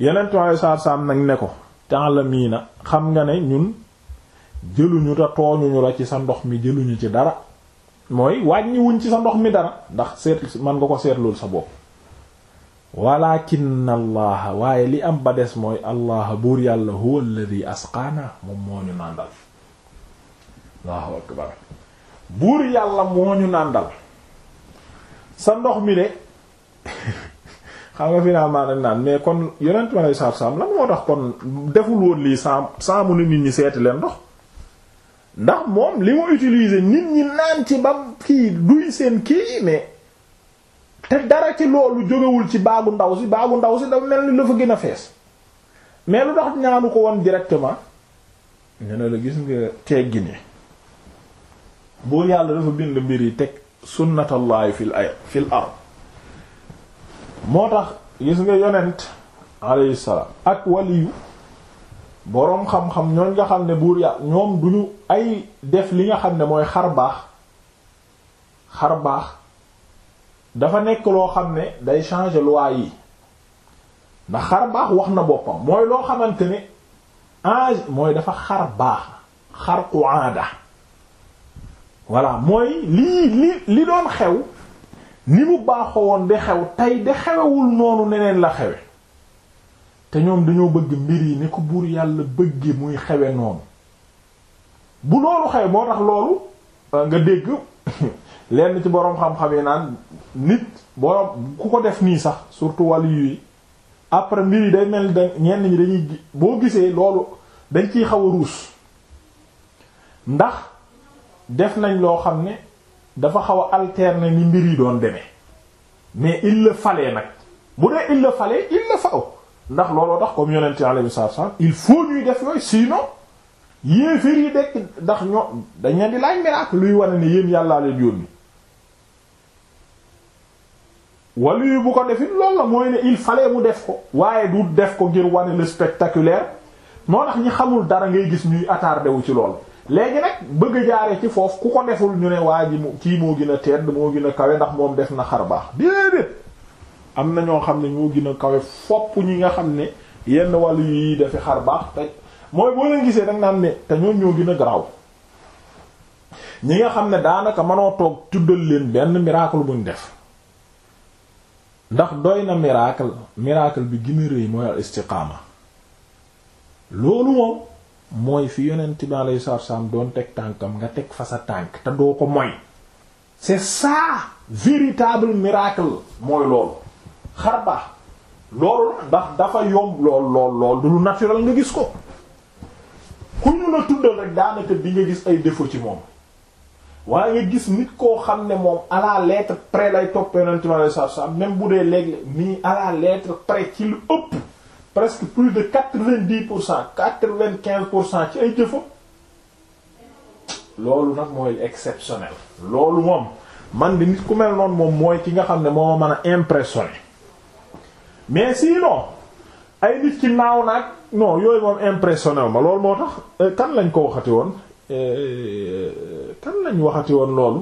yeneen time saar-saam nag ne ko ta'lamina xam nga ne ñun jëluñu te tooñuñu la ci sa ndox mi jëluñu ci dara mooy wàññiwuñ ci sa ndox mi dara ndax seet man nga ko seetlool sa bopp walakin allaha waaye li am ba des mooy allah buur yàlla huwa alladhi asqaana moom ñu nàndal allahu akbar buur yàlla moo ñu nàndal sa ndox mi de [laughs] xam nga finalement dañ naan mais kon yonent ma lay saar saam lan moo tax kon deful woon lii saam saamu na nit ñi seeti leen ndox ndax moom li mu utiliser nit ñi naan ci ba kii duy seen kii mais te dara ci loolu jógewul ci baagu ndaw si baagu ndaw si dafa mel ni dafa gën a fees mais lu tax ñaanu ko won directement ñu ne la gis nga teggi ni buur yàlla dafa bind mbir yi teg sunnatallahi fil ay fil ard moo tax gis nga yonent alayhi salaam ak waliyu boroom xam-xam ñooñ nga xam ne buur ya ñoom duñu ay def li nga xam ne mooy xar baax xar baax dafa nekk loo xam ne day changer loi yi ndax xar baax wax na boppam mooy loo xamante ne âge mooy dafa xar baax xar ku aada voilà mooy lii li li doon xew ni mu baaxoo woon de xew tey de xewewul noonu neneen la xewe te ñoom dañoo bëgg mbir yi ni ko buur yàlla bëgge muy xewe noonu bu loolu xewe moo tax loolu euh, nga dégg [laughs] lenn ci boroom xam-xam yi naan nit boroom ku ko def nii sax surtout wàllu yi après mbir yi day mel da ñenn ñi dañuy boo gisee loolu dañ ciy xaw a ruus ndax def nañ loo xam ne dafa xaw a alterner ni mbir yi doon demee mais il le nag mu dee il le fallait il ndax looloo tax comme yonente alayhi salaam il foo ñuy def yooyu sinon yéefér yi dekk ndax ñoo dañ leen di laaj miracle luy wane ne yéen yàllaa leen yónni wala yu bu ko defit lool la mooy ne il fallait mu def ko waaye du def ko ngir wane le spectaculaire moo tax ñi xamul dara ngay gis ñuy attardé wu ci lool léegi nag bëgg a jaaree ci foofu ku ko deful ñu ne waa ji kii moo gën a tedd moo gën a kawe ndax moom def na xar baax déedéet am na ñoo xam ne ñoo gën a kawe fopp ñi nga xam ne yenn wàllu yi dafi xar baax mooy boo leen gisee dag naan ne te ñoom ñoo gën a garaaw ñi nga xam ne daanaka mënoo toog tuddal leen benn miracle buñ def ndax doy na miracle miracle bi gën a rëy mooy al istiqaama loolu moom mooy fi yeneen time alayhi salaatu salaam doon teg tànkam nga teg fa sa tànk te doo ko moy c'est ça véritable miracle mooy loolu xar baax loolu ndax dafa yomb lool lool lool du lu naturel nga gis ko ku ñu la tuddal rek daanaka bi nga gis ay défaut ci moom waaye nga gis nit koo xam ne moom à la près lay topp yonent mi alayhi salaatu salaam même bu dee léegi nii à la lettre près ci lu ëpp presque plus de quatre-vingt-dix pour cent quatre-vingt-quinze pour cent ci ay défaut loolu nag mooy exceptionnel loolu moom man di nit ku mel noonu moom mooy ki nga xam ne moo mën a impressionné mais sinon ay nit ci naaw naag non yooyu moom impressionné ma loolu moo tax euh, kan lañ ko waxati woon euh, kan lañ waxati woon loolu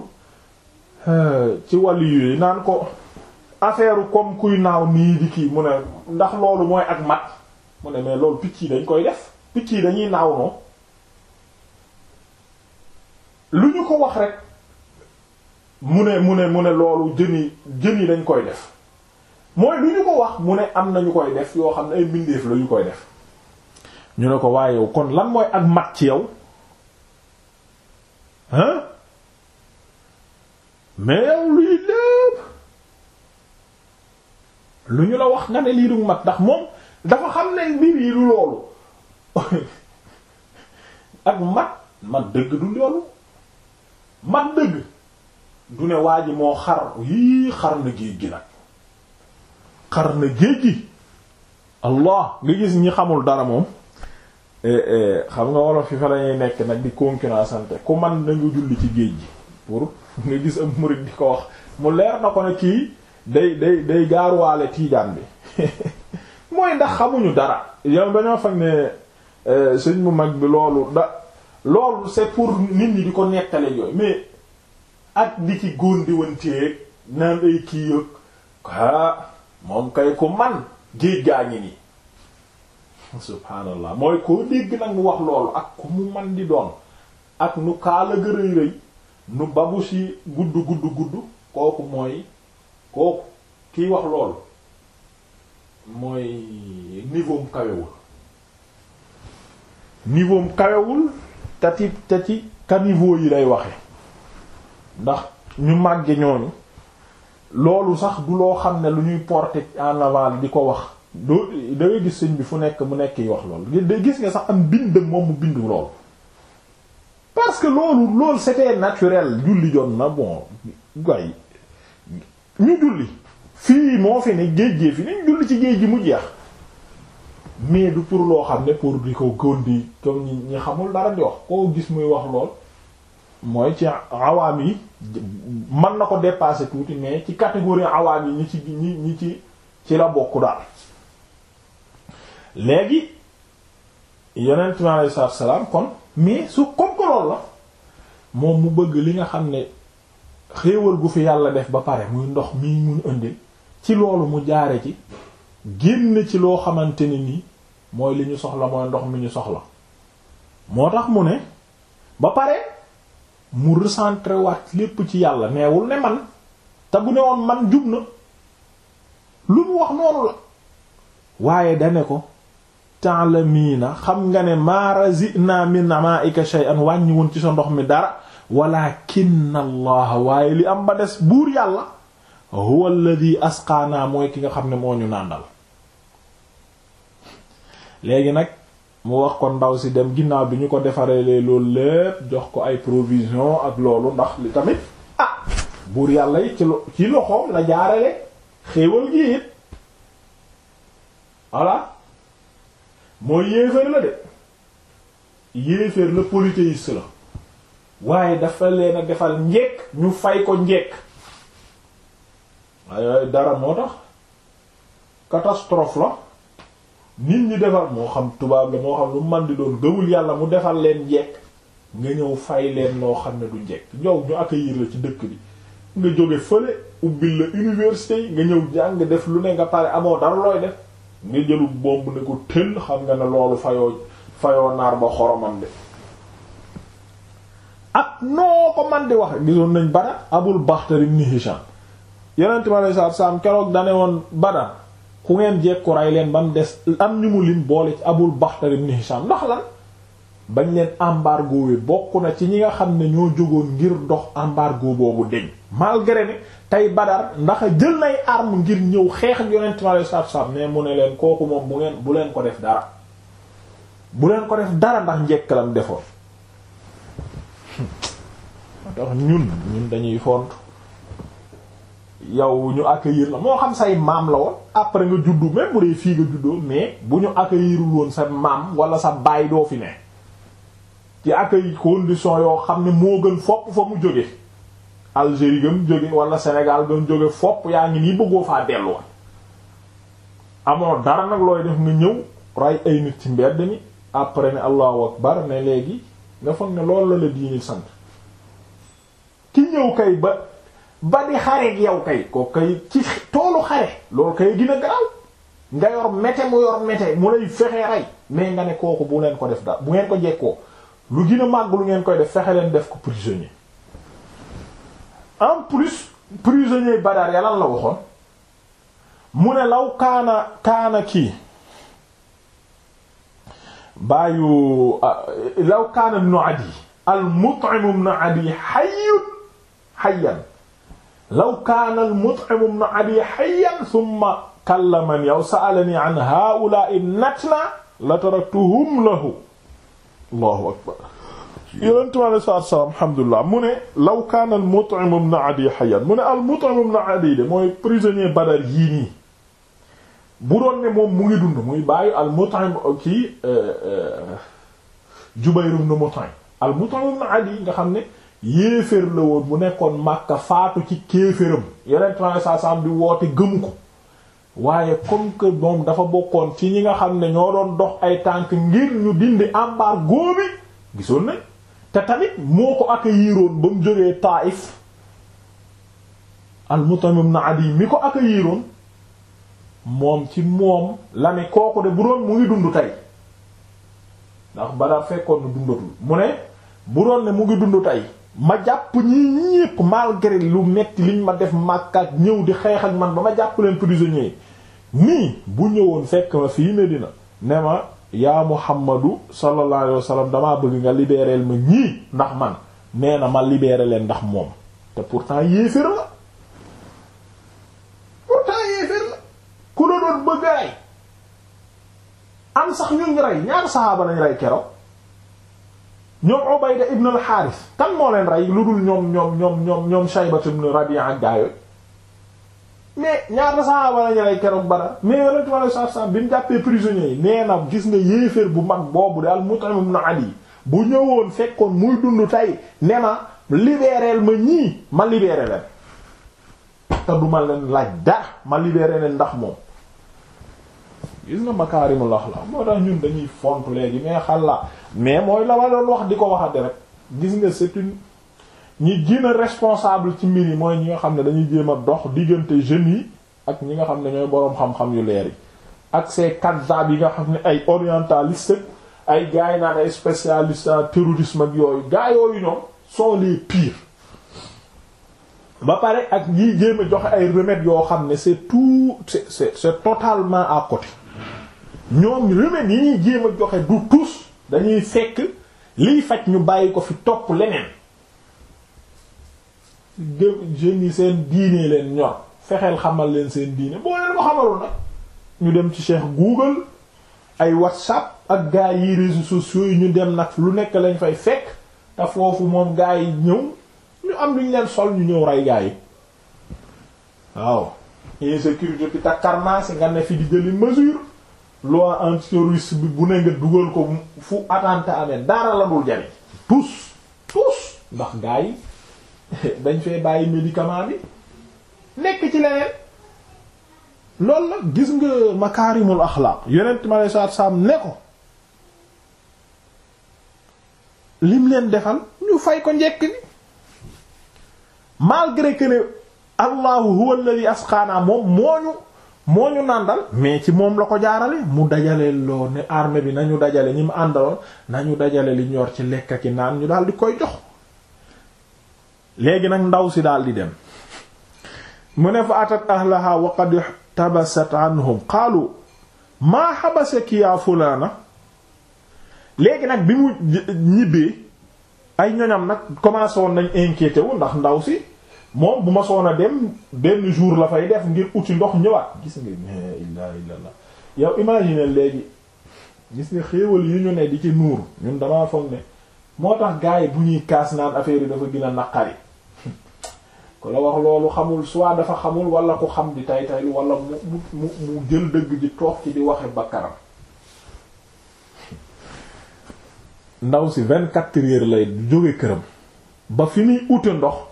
euh, ci wàllu yi naan ko affaire comme kuy naaw nii di kii mu ne ndax loolu mooy ak mat mu ne mais loolu picc yi dañ koy def picc yi dañuy naaw noonu lu ñu ko wax rek mu ne mu ne mu ne loolu jën yi jën yi dañ koy def mooy du ñu ko wax mu ne am na ñu koy def yoo xam ne ay mbindeef la ñu koy def ñu ne ko waaye yow kon lan mooy ak mat ci yow hein mais yow luy lépp lu ñu la wax nga ne lii du mat ndax moom dafa xam ne mbir yi du loolu [laughs] ak mat mat dëgg du loolu mat dëgg du ne waa ji moo xar yii xar na géej gi nag xar na géej gi allah nga gis ñi xamul dara moom eh, eh, xam nga wolof fi fa lañuy nekk nag di concurrence ante ku man nañu nga julli ci géej gi pour nga gis am murid di ko wax mu leer na ko ne kii day day day gaaruwaale tiijaan bi [laughs] mooy ndax xamuñu dara yow dañoo fag ne eh, sëñ bu mag bi loolu da loolu c'est pour nit ñi di ko nettale yooyu mais ak di ci góon di wanteeg naan ay kii yëg ah moom kay ku man géej gaa ngi nii subhaanallah mooy koo dégg nag mu wax loolu ak ku mu man di doon ak nu kaala ga rëy rëy nu babu si gudd gudd gudd kooku mooy kooku kiy wax loolu mooy niveau mu kawewul niveau kawewul tati tati ka niveau yi lay waxe ndax ñu màgge ñooñu loolu sax du loo xam ne lu ñuy porter en aval di ko wax doo da gis sëñ bi fu nekk mu nekk yi wax lool da gis nga sax am bind moom mu bindu loolu parce que loolu lool c'était naturel julli jot na bon gay ñu julli fii moo fi ne géej gee fi géej gi mu jeex mais du pour loo xam ne pour di ko góndi comme ñi xamul dara di wax koo gis muy wax lool mooy ci awaam yi man na ko dépasser tuuti mais ci catégorie awaam yi ñi ci ñi ñi ci ci la bokk daal léegi yonent mi alei salatua salaam kon mais su comme la moom mu bëgg li nga xam ne xéewal gu fi yàlla def ba pare muy ndox mii mun indi ci loolu mu jaare ci génn ci loo xamante ni nii mooy li ñu soxla mooy ndox mi ñu soxla moo tax mu ne ba pare mu recentré waat lépp ci yàlla neewul ne man te bu ne woon man jub na lu mu wax noonu la waaye dane ko ta'lamina xam nga ne ma razina min ma'ika shay'an wàññi woon ci sa ndox mi dara walakin allah waaye li am ba des buur yàlla huwa alladhi asqaana mooy ki nga xam ne moo ñu nàndal léegi nag mu wax ko ndaw si dem ginnaaw bi ñu ko defaree lee loolu lépp jox ko ay provision ak loolu ndax li tamit ah buur yàlla it ci ci loxoom la jaarale xéewal gi it voilà mooy yéeféer la de yéeféer la polythéiste la waaye dafa leen defar defal njekk ñu fay ko njekk waaye dara moo tax catastrophe la nit ñi defal moo xam tubaab la moo xam lu man di doon gëmul yàlla mu defal leen jekk nga ñëw fay leen loo xam ne du jekk ñow ñu accueillir la ci dëkk bi nga jóge fële ubbil la université yi nga ñëw jàng def lu ne nga pare amoo dara looy def nga jëlu bomb ne ko tël xam nga ne loolu fayoo fayoo naar ba xoromam de ak noo ko man di wax gisoon nañ Badar Abul Baxtari ibn Hisham yonent mi alayhi salaatu keroog dane woon ku ngeen jekku ray leen ba mu des am ñu mu lim boole ci abul baxtar ibn hisham la bañ leen embargo bi bokk na ci ñi nga xam ne ñoo jógoon ngir dox embargo boobu deñ malgré ne tey badar ndax jël nay arme ngir ñëw xeex yonent ma lay saab mais mu ne leen kooku moom bu ngeen bu leen ko def dara bu leen ko def dara ndax njekk lam defoon hm. tax ñun ñun dañuy font yow ñu accueillir la moo xam say maam la woon après nga juddu même bu dee fii nga juddu mais bu ñu accueillir woon sa maam wala sa baay doo fi ne ci accueil condition yoo xam ne moo gën fopp fa mu jóge Algérie gam jóge wala Sénégal gam jóge fopp yaa ngi nii bëggoo faa delluwaat amoo dara nag looy def nga ñëw ray ay nit ci mbedd mi après ne allahu akbar ne léegi nga foog ne loolu la la diini sant ki ñëw kay ba ba di xareeg yow kay ko kay ci toolu xare loolu kay dina garaw nga yor mete mu yor mete mu lay fexee rey mais nga ne kooku bu leen ko def da bu ngeen ko jekkoo lu gina a màgg lu ngeen koy def fexe leen def ko prisonnier en plus prisonnier Badar ya lan la waxoon mu ne law kaana kaana kii bàyyu ah, law kaana ibnu Adi al Mut'im ibnu Adi hayyun hayyan law kaana al-Mut'im ibn Abi hayyan thumma kallamani yow sa'alani an haa'ulaa'i natna la taraktuhum lahu Allahu akbar yonent mi alayhi salaatu wa salaam alhamdulilah mu ne law kaana al-Mut'im ibn Abi hayyan mu ne al-Mut'im ibn Abi de mooy prisonnier Badar yii nii bu doon ne moom mu ngi dund muy bàyyi al-Mut'im kii eh, eh, Jubayr ibn Mut'im al-Mut'im ibn Abi nga xam ne yéeféer la woon bu nekkoon Makka faatu ci kéeféram yeneen trois cent cent bi woote gëmu ko waaye comme que moom dafa bokkoon ci ñi nga xam ne ñoo dox ay tànk ngir ñu dindi embargo bi gisoon nañ te tamit moo ko accueilliroon ba mu jógee Taïf al-Mutamim ibn mi ko accueilliroon moom ci moom la ne kooku de bu doon mu ngi dund tey ndax balaa fekkoon na dundatul mu ne bu doon ne mu ngi dundu tey ma jàpp ñi ñépp malgré lu metti liñ ma def màkkaat ñëw di xeex man ba ma jàpp leen prisonnier nii bu ñëwoon fekk ma fii Medina ne ma yaa Muhammadu sallallahu alayhi wa sallam damaa bëgg nga libérer ma ñii ndax man nee na ma libérer leen ndax moom te pourtant yéeféer la pourtant yéeféer la ku la doon bëgg am sax ñu ngi rey ñaar saxaaba nañ rey keroog ñoom Ubayda ibn al-Haaris moo leen rey lu dul ñoom ñoom ñoom ñoom ñoom Shaybat ibn Rabi'a ak gaayooyu mais ñaata saxaaba lañu rey keroog Badar mais yonent bi mu jàppee na gis nga bu mag boobu daal bu ñëwoon fekkoon muy dund tey ne ma libéréel ma ñii ma libéré leen du ma leen laaj dara ma libéré ndax moom gis nga makaarimul axlaaq moo tax ñun dañuy font léegi mais xalla mais mooy la ma doon wax di ko waxate rek gis nga c'est une ñi gën a responsable ci mbir yi mooy ñi nga xam ne dañuy jéem dox diggante jeunes yi ak ñi nga xam ne ñooy boroom xam-xam yu leer yi ak ces kazzab yi nga xam ne ay orientalistes ay gars yi naan ay spécialistes en terrorisme ak yooyu gars yooyu ñoom soo les piir ba pare ak ñiy jéem a joxe ay remèdes yoo xam ne c'est tout c'est c'est totalement à côté ñoom remèdes yi ñuy jéem a joxe du tous dañuy fekk liy faj ñu bàyyi ko fi topp leneen jeunes yi seen diine leen ñor fexeel xamal leen seen diine boo leen ko xamaloon nag ñu dem ci Cheikh Google ay WhatsApp ak gaa yi réseaux sociaux yi ñu dem nag lu nekk lañ fay fekk te foofu moom gaa yi ñëw ñu am luñ leen sol ñu ñëw rey gaa yi waaw insécurité bi takkarnaasi nga ne fi di jëli mesure loi antiterroriste bi bu ne nga dugal ko fu attentat amee dara la dul jariñ tous tous ndax gaa yi [laughs] dañ fee bàyyi médicament bi nekk ci leneen loolu la gis nga makaarimul axlaaq yonent ma lay saat saam ne ko lim leen defal ñu fay ko njekk bi malgré que ne allahu huwa alladhi asqaana moom moo ñu moo ñu nàndal mais ci moom la ko jaarale mu dajale loo ne armée bi nañu dajale ñi mu àndaloon nañu dajale li ñor ci lekk ak naan ñu daal di koy jox léegi nag ndaw si daal di dem mu ne fa atat ahlaha wa qad tabasat anhum qaalu maa habasaki yaa fulaana léegi nag bi mu ñibbee ay ñoñam nag commencé woon nañ inquiété wu ndax ndaw si moom bu ma soon a dem benn jour la fay def ngir uti ndox ñëwaat gis nga illaa illaa yow imagine léegi gis nga xéewal yi ñu ne di ci nuur ñun damaa foog ne moo tax gars bu ñuy kaas naan affaire yi dafa gën a naqari [laughs] ku la wax loolu xamul soit dafa xamul wala ku xam di tay taylu wala mu mu mu jël dëgg di toog ci di waxe bakkaram ndaw si vingt-quatre heures lay jóge këram ba fi muy ute ndox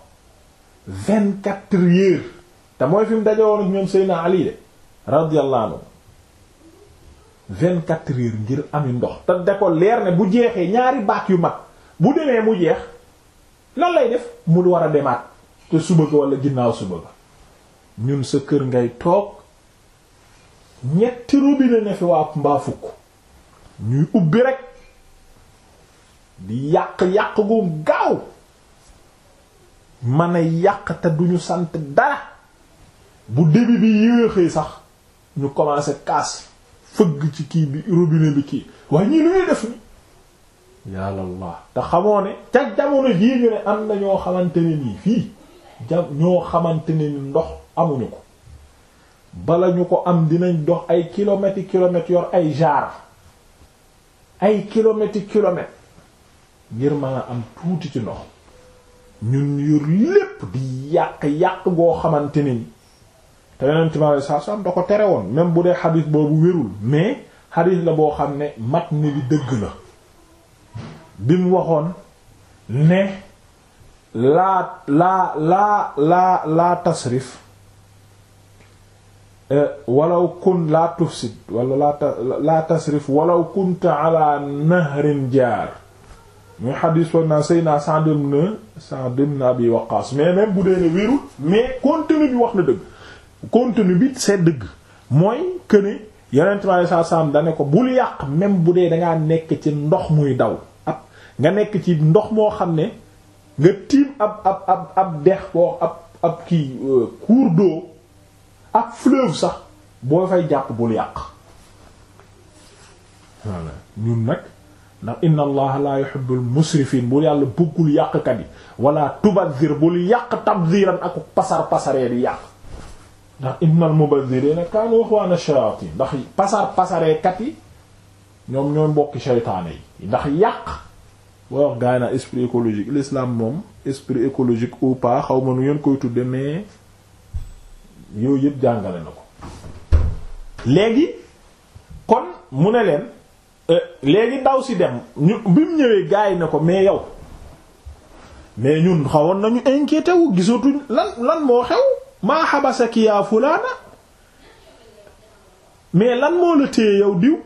vingt quatre heures te mooy fim mu dajewoon ak ñoom Seydina Ali de radiyallahu anhu quatre heures ngir ami ndox te da ko leer ne bu jeexee ñaari baak yu mag bu demee mu jeex lan lay def mu war a demaat te suba ga wala ginnaaw suba ga ñun sa kër ngay toog ñetti robinet ne fi waa mbaa fukk ñuy ubbi rek di yàq yàq gu gaaw mën a yàq te duñu sant dara bu début bi yéexee sax ñu commencé kaas fëgg ci kii bi robinet bi kii waaye ñii lu ñuy def ni yàlla laa te xamoo ne ca jamono jii ñu ne am na ñoo xamante ne nii fii ja ñoo xamante ne ni ndox amuñu ko bala ñu ko am dinañ dox ay kilomètres i yor ay jaar ay kilomètres i ngir mën a am tuuti ci ndox ñun yor lépp di yàq yàq goo xamante ne ni te yeneen ci ma saa saa da ko tere woon même bu dee xadis boobu wérul mais xadis la boo xam ne mat ni li dëgg la bi mu waxoon ne laa laa laa laa laa tasrif euh, walaw kun laa tufsid wala laa tasrif walaw kunta ala nahrin jaar muy xadis foog naa Seydina Sa'd ibn Sa'd ibn Abi Waqqas mais même bu dee ne wérul mais contenu bi wax na dëgg contenu bi c'est dëgg mooy que ne Yonent bi sallallahu alayhi wasallam ko bul yàq même bu dee dangaa nekk ci ndox muy daw ab nga nekk ci ndox moo xam ne nga tiim ab ab ab ab dex boo ab ab kii euh, cours d'eau ab fleuve sax boo fay jàpp bul yàq voilà ñun nag. ndax inna allaha la yuhibbul musrifin bu yàlla bëggul yàqkat yi wala tubadhir bul yàq tabdhiran ak pasar pasaree di yàq ndax innal mubadhirina kaanu ikhwana shayatin ndax pasar pasaree kat yi ñoom ñoo mbokki shaytaane yi ndax yàq boo wax gaay naa esprit écologique l'islam moom esprit écologique ou pas xaw ma nu koy tudde mais yooyu yëpp jàngale na ko léegi kon mu ne leen Euh, léegi ndaw si dem ñu bi mu ñëwee gaay na ko mais yow mais ñun xawoon nañu inquiété wu gisatuñ lan lan moo xew maa xabasaki yaa fulaana mais lan moo la téye yow diw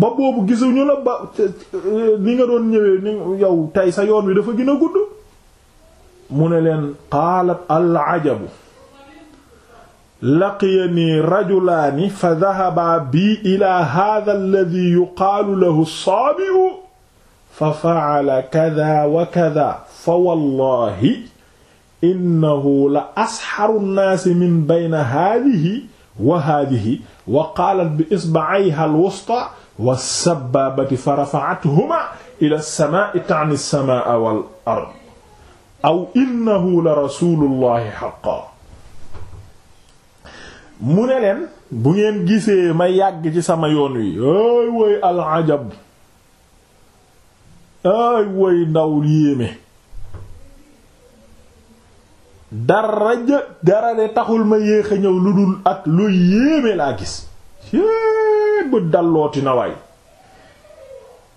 ba boobu ñu na ba ni nga doon ñëwee ni yow tey sa yoon wi dafa gin a gudd mu ne leen qaalat al ajabu laqiyanii rajulaani fa dahabaa bii ilaa haadha alladii yuqaalu lahu saabi'u fa fa'ala kadaa wa kadaa fa wallaahi innahu la asxaru nnaasi min bayna haadihi wa haadihi wa qaalat bi isba'ayha alwustaa wa sabbaabati fa rafa'athumaa ila samaa'i ta'ni samaa'a wal ard aw innahu la rasuulullaahi haqqan mu ne leen bu ngeen gisee ma yàgg ci sama yoon wi ay woy alajab ay woy ndaw yéeme dara jë taxul ma yéex a ñëw lu dul ak lu yéeme laa gis bu dallooti na waay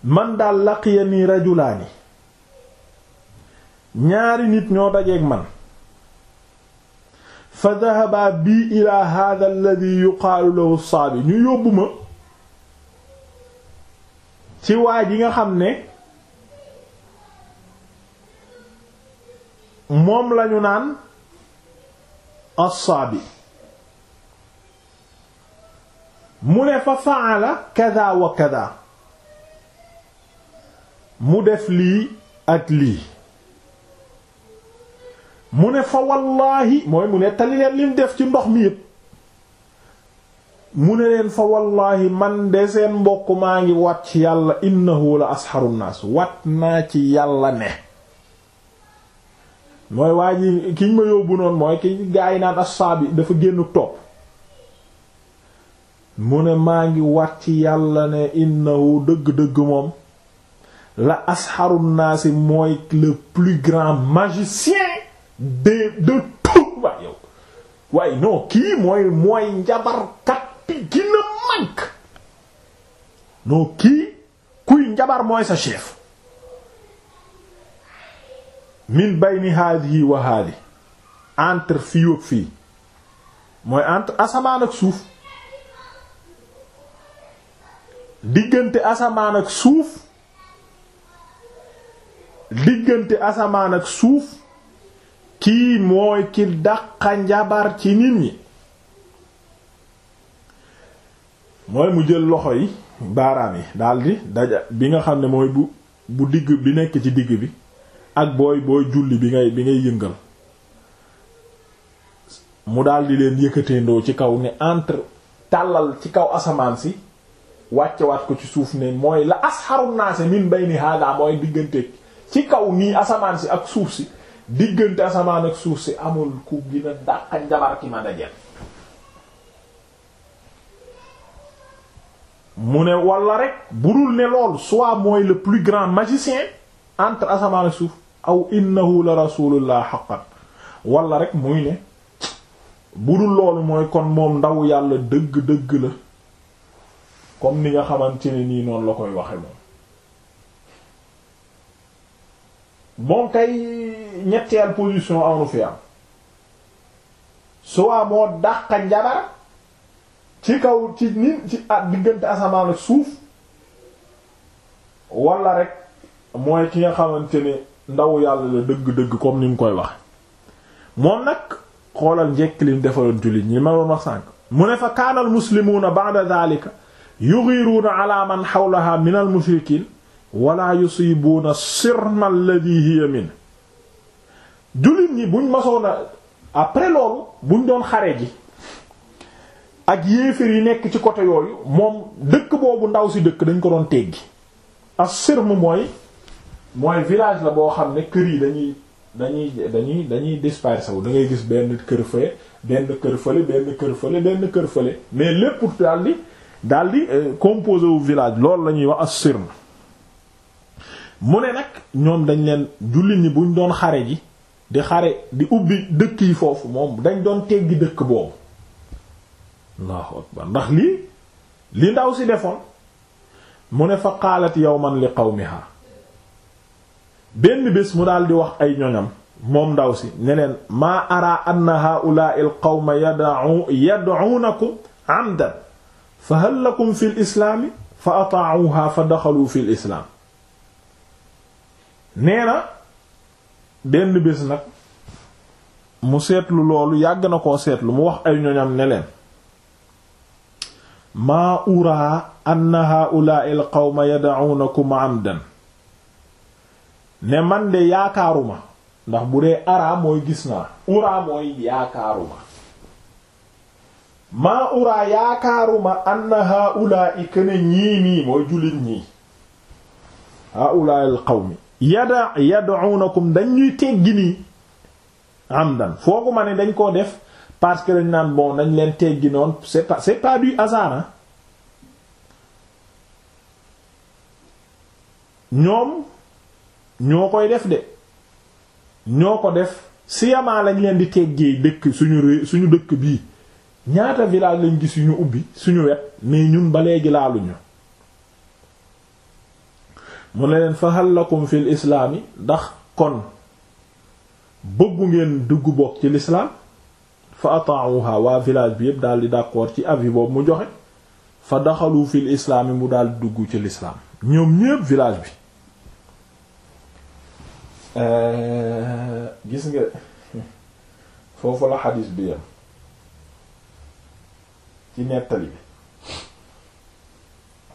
man daal laqiya nii rajulaani ñaari nit ñoo dajeeg man fa dahaba bii ila hada alladi yuqaalu lahu saabi ñu yóbbu ma ci waa ji nga xam ne moom lañu naan assaabi mu ne fa faala kada wa kada mu def lii ak lii mu ne fa wallaahi mooy mu ne tali leen lim def ci ndox mi yëpp mu ne leen fa wallaahi man de seen mbokk maa ngi wat ci yàlla innahu la asxaru naas wat naa ci yàlla ne mooy waa ji kiñ ma yóbbu noonu mooy ki gaa yi naan assaabi dafa génn topp mu ne maa ngi wat ci yàlla ne innahu dëgg-dëgg moom la asxaru naasi mooy le plus grand magicien de de tout waaye yow kii mooy mooy njabarkat bi gina mag non kii kuy njabar mooy sa chef min bayni haadihi wa haadi entre fii ak fii mooy entre suuf diggante asamaan ak suuf diggante asamaan ak suuf kii mooy ki dàqa njabar ci nit ñi mooy mu jël loxo yi baaraam yi daldi daja bi nga xam ne mooy bu bu digg bi nekk ci digg bi ak booy booy julli bi ngay bi ngay yëngal mu daldi leen yëkkateendoo ci kaw ne entre tàllal ci kaw asamaan si wàcce waat ko ci suuf ne mooy la asxaru naase min bayni hada mooy diggante ci kaw nii asamaan si ak suuf si diggante asamaan ak suuf si amul ku gën a dàq njabar ki ma dajeel mu ne wala bu budul ne lool soit mooy le plus grand magicien entre asamaan ak suuf aw innahu la rasulullah haqqan wala rek muy ne budul loolu mooy kon moom ndaw yàlla dëgg-dëgg la kom ni nga xamante ni nii noonu la koy waxe moom bon kay ñetteel position amul fi am soit moo dàq njabar ci kaw ci nit ci diggante asamaan ak suuf wala rek mooy ki nga xamante ne ndaw yàlla la dëgg-dëgg comme ni mu koy wax moom nag xoolal njekk liñ defaloon jullit ñi ma doon wax sànk mu ne fa kaanal muslimuuna ba'da dhalika yughiruuna ala man hawlaha minal mushrikiin wala yusibuuna sirma alladhi hiya min jullit ñi buñ masoon a après loolu buñ doon xare ji ak yéeféer yi nekk ci côté yooyu moom dëkk boobu ndaw si dëkk dañ ko doon teggi as sirm mooy mooy village la boo xam ne kër yi dañuy dañuy dañuy dañuy disperser wu da ngay gis benn kër fële benn kër fële benn kër fële benn kër fële mais lépp daldi daldi euh, composé wu village loolu la ñuy wax as sirm mu ne nag ñoom dañ leen jullit ñi buñ doon xare ji di xare di ubbi dëkk yi foofu moom dañ doon teggi dëkk boobu allahu ndax lii li ndaw si defoon mu ne fa qaalat yawman li qawmiha benn bés mu daldi wax ay ñoñam moom ndaw si ne leen maa ara anna haa'ulaa'i al qawma yad'u yad'uunakum 'amdan fa hal fi l fa ataa'uuha fa daxalu fi l nee na benn bés nag mu seetlu loolu yàgg na koo seetlu mu wax ay ñoñam ne leen maa uraa anna haa'ulaa'i al-qawma yad'uunakum 'amdan ne man de yaakaaruma ndax bu dee araa mooy gis naa uraa mooy yaakaaruma maa uraa yaakaaruma anna haa'ulaa'i këne ñii nii mooy jullit ñii yada yad'unakum dañ ñuy teggi nii amdan foogu ma ne dañ koo def parce que dañ naan bon dañ leen teggi noonu c'est pas c'est pas du hasard ñoom ñoo koy def de ñoo ko def siyamaa lañ leen di teggee dëkk suñu suñu dëkk bii ñaata village lañ gis yu ñu ubbi suñu wet mais ñun ba léegi laaluñu mu ne leen fahal lakum fil islaami ndax kon bëggu ngeen dugg bokk ci lislaam fa ata'uha waa village bi yépp daal di d'accord ci avis boobu mu joxe fa daxalu fil islaami mu daal di dugg ci lislaam ñoom ñépp village bi gis nga [laughs] foofu la xadis bi yam ci nettali bi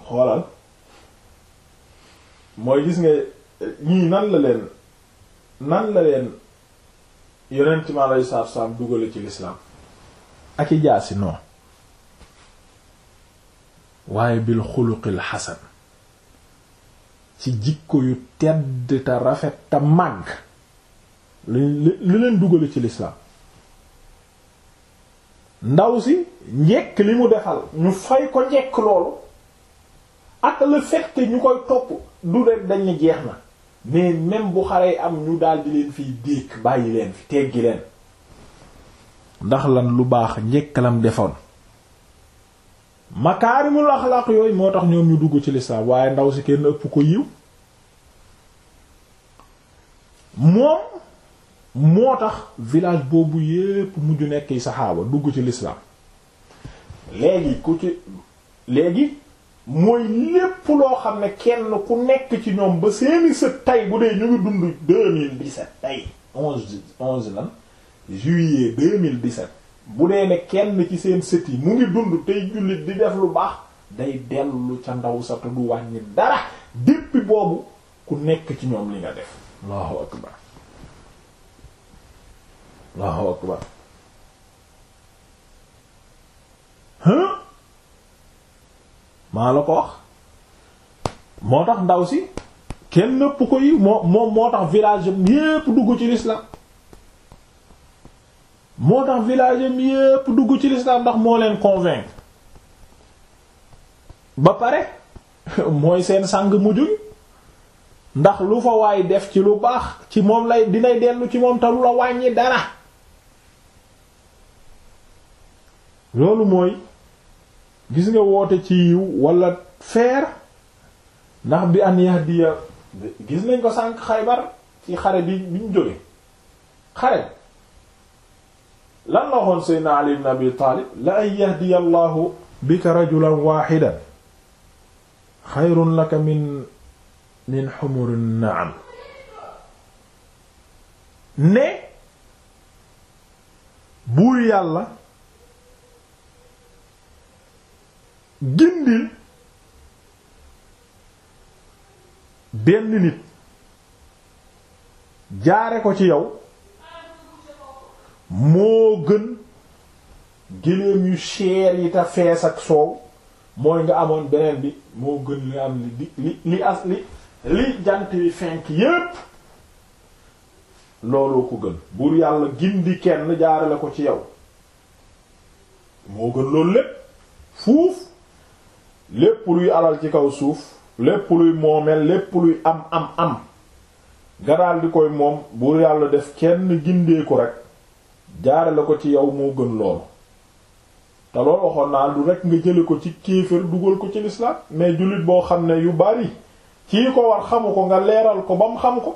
xoolal mooy gis nga ñii nan la leen nan la leen yonent mi alayhi salaatu salaam dugale ci lislaam ak i jaasi non waaye bil xuluqil xasan ci jikko yu tedd te rafet te màgg li leen dugale ci lislaam ndaw si njekk li mu defal ñu fay ko njekk loolu ak le fait ñu koy topp du de dañ jeex na mais même bu xare yi am ñu daal di leen fiy dékk bàyyi leen fi teggi leen ndax lan lu baax njëkkalam defoon makaarimul axlaaq yooyu moo tax ñoom ñu dugg ci lislaam waaye ndaw si kenn ëpp ko yiw moom moo tax village boobu yépp mujj nekk yi saxaaba dugg ci lislaam léegi ku ci léegi mooy lépp loo xam ne kenn ku nekk ci ñoom ba seeni sët tay bu dee ñu ngi dund 2017 tay 11 11 lan juillet 2017 bu dee ne kenn ci seen sët yi mu ngi dund tey jullit di def lu baax day dellu ca ndaw sa te du wàññi dara déppi boobu ku nekk ci ñoom li nga def allahu akbar allahu akbar huh maa la ko wax moo tax ndaw si kenn nëpp ko yi moo moo tax village am yépp dugg ci l'islam moo tax village am yépp dugg ci l'islam ndax moo leen convaincre ba pare [laughs] mooy seen sang mujjul ndax lu fa waay def ci lu baax ci moom lay dinay dellu ci moom te lu la wàññi dara loolu mooy gis nga woote ci yiw wala feer ndax bi an yahdiya gis nañ ko sànq Xaybar ci xare bi bi ñu jóge xare lan la waxoon Seydina Ali Taalib la an yahdiya Allahu bika rajulan waahidan xayrun laka min min humuri na'am ne buur yàlla gindil benn nit jaare ko ci yow moo gën géléem yu cher yi te fees ak soow mooy nga amoon beneen bi moo gën li am li li li as li li jant bi fenk yépp looloo ko gën buur yàlla gindi kenn jaare la ko ci yow moo gën loolu lépp fuuf lépp luy alal ci kaw suuf lépp luy moomeel lépp luy am am am nga di koy moom buur yàlla def kenn gindeeku rek jaare la ko ci yow moo gën loolu te loolu waxoon naa du rek nga jële ko ci kéefër dugal ko ci lislaam mais jullit boo xam ne yu bari ci ko war xamu ko nga leeral ko ba mu xam ko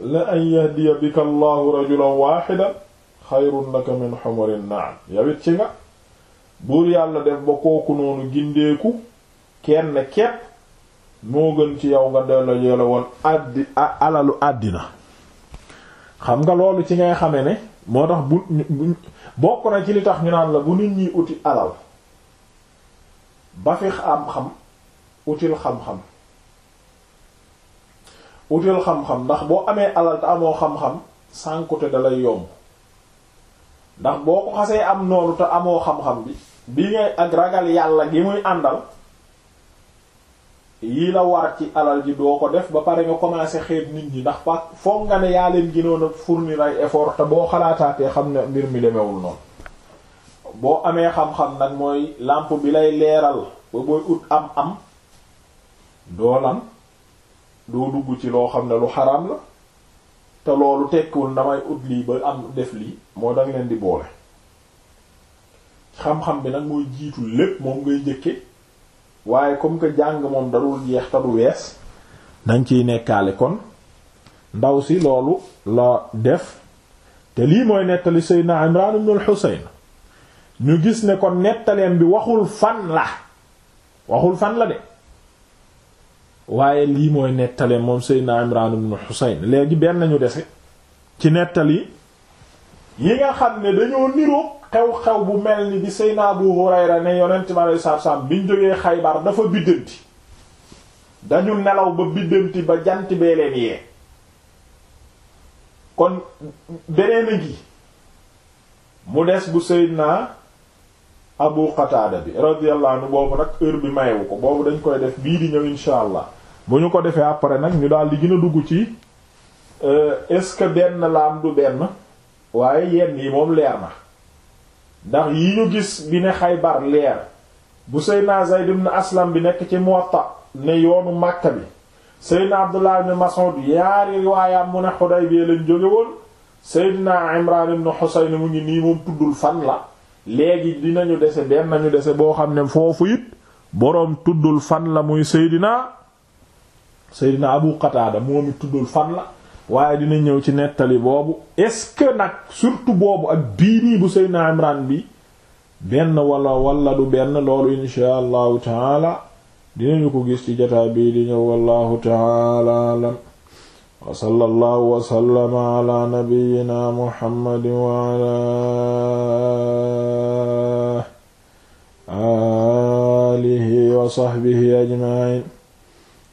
la an yahdiya bika allahu rajulan waaxidan xayrun laka min xumurin na'am yawit ci nga buur yàlla def ba kooku noonu gindeeku kenn kepp moo gën ci yow nga delloo yela addi alalu àddina xam nga loolu ci ngay xame ne moo tax bu ci li ñu naan la bu ñi uti alal ba fi xam-xam util xam-xam ndax boo amee alal te amoo xam-xam sànkute dalay yomb ndax boo ko xasee am noonu te amoo xam-xam bi bi ngay ak ragal yàlla gi muy àndal yii la war ci alal ji doo ko def ba pare nga commencé xeeb nit ñi ndax fa foog nga ne yaa leen ginoon a fournir ay effort te boo xalaataatee xam ne mbir mi demewul noonu boo amee xam-xam nag mooy làmp bi lay leeral ba booy ut am am doo lan doo dugg ci loo xam ne lu xaraam la te loolu tekkiwul damay ut lii ba am def lii moo danga leen di boole xam-xam bi nag mooy jiitu lépp moom ngay njëkke waaye comme que jàng moom darul jeex ta du wees dañ ciy nekkaale kon ndaw si loolu la def te lii mooy nettali seydna imran ibn al ñu gis ne ko nettaleen bi waxul fan la waxul fan la de waaye lii mooy nettaleen moom seydna imran ibn al-Husayn léegi benn ñu dese ci nettali yi nga xam ne dañoo niroo xew-xew bu mel ni di Seyna Abu Hurayra ne yonent mi aleyhi salaatu bi biñ jógee Xaybar dafa biddanti dañu nelaw ba biddanti ba jant bee leen yee kon beneen a ngi mu des bu Seyna Abu Qataada bi radiyallahu anhu boobu nag heure bi mayewu ko boobu dañ koy def bii di ñëw insha allah bu ñu ko defee après nag ñu daal di gën a dugg ci euh, est-ce que benn laam du benn waaye yenn yi moom leer na ndax yi ñu gis bi ne Xaybar leer bu Seydina Zayd ibn Aslam bi nekk ci Muwatta ne yoonu Makka bi Seydina Abdullah ibn Mas'ud yaari riwaayaam mu ne Xudaybiya lañ jóge woon Seydina Imran ibn Husayn mu ngi nii moom tuddul fan la léegi dinañu dese benn nañu dese boo xam ne foofu it boroom tuddul fan la muy Seydina Seydina Abu Qatada moom it tuddul fan la waaye dina ñëw ci nettali boobu est-ce que nag surtout boobu ak bii nii bu Seydina Imran bi benn wala wala du benn loolu insha allahu taala dinañu ko gis ci jataa bii di ñëw wallahu taala alam wa sallallahu wa sallama ala nabiyyina muhammadin wa ala alihi wa sahbihi ajma'in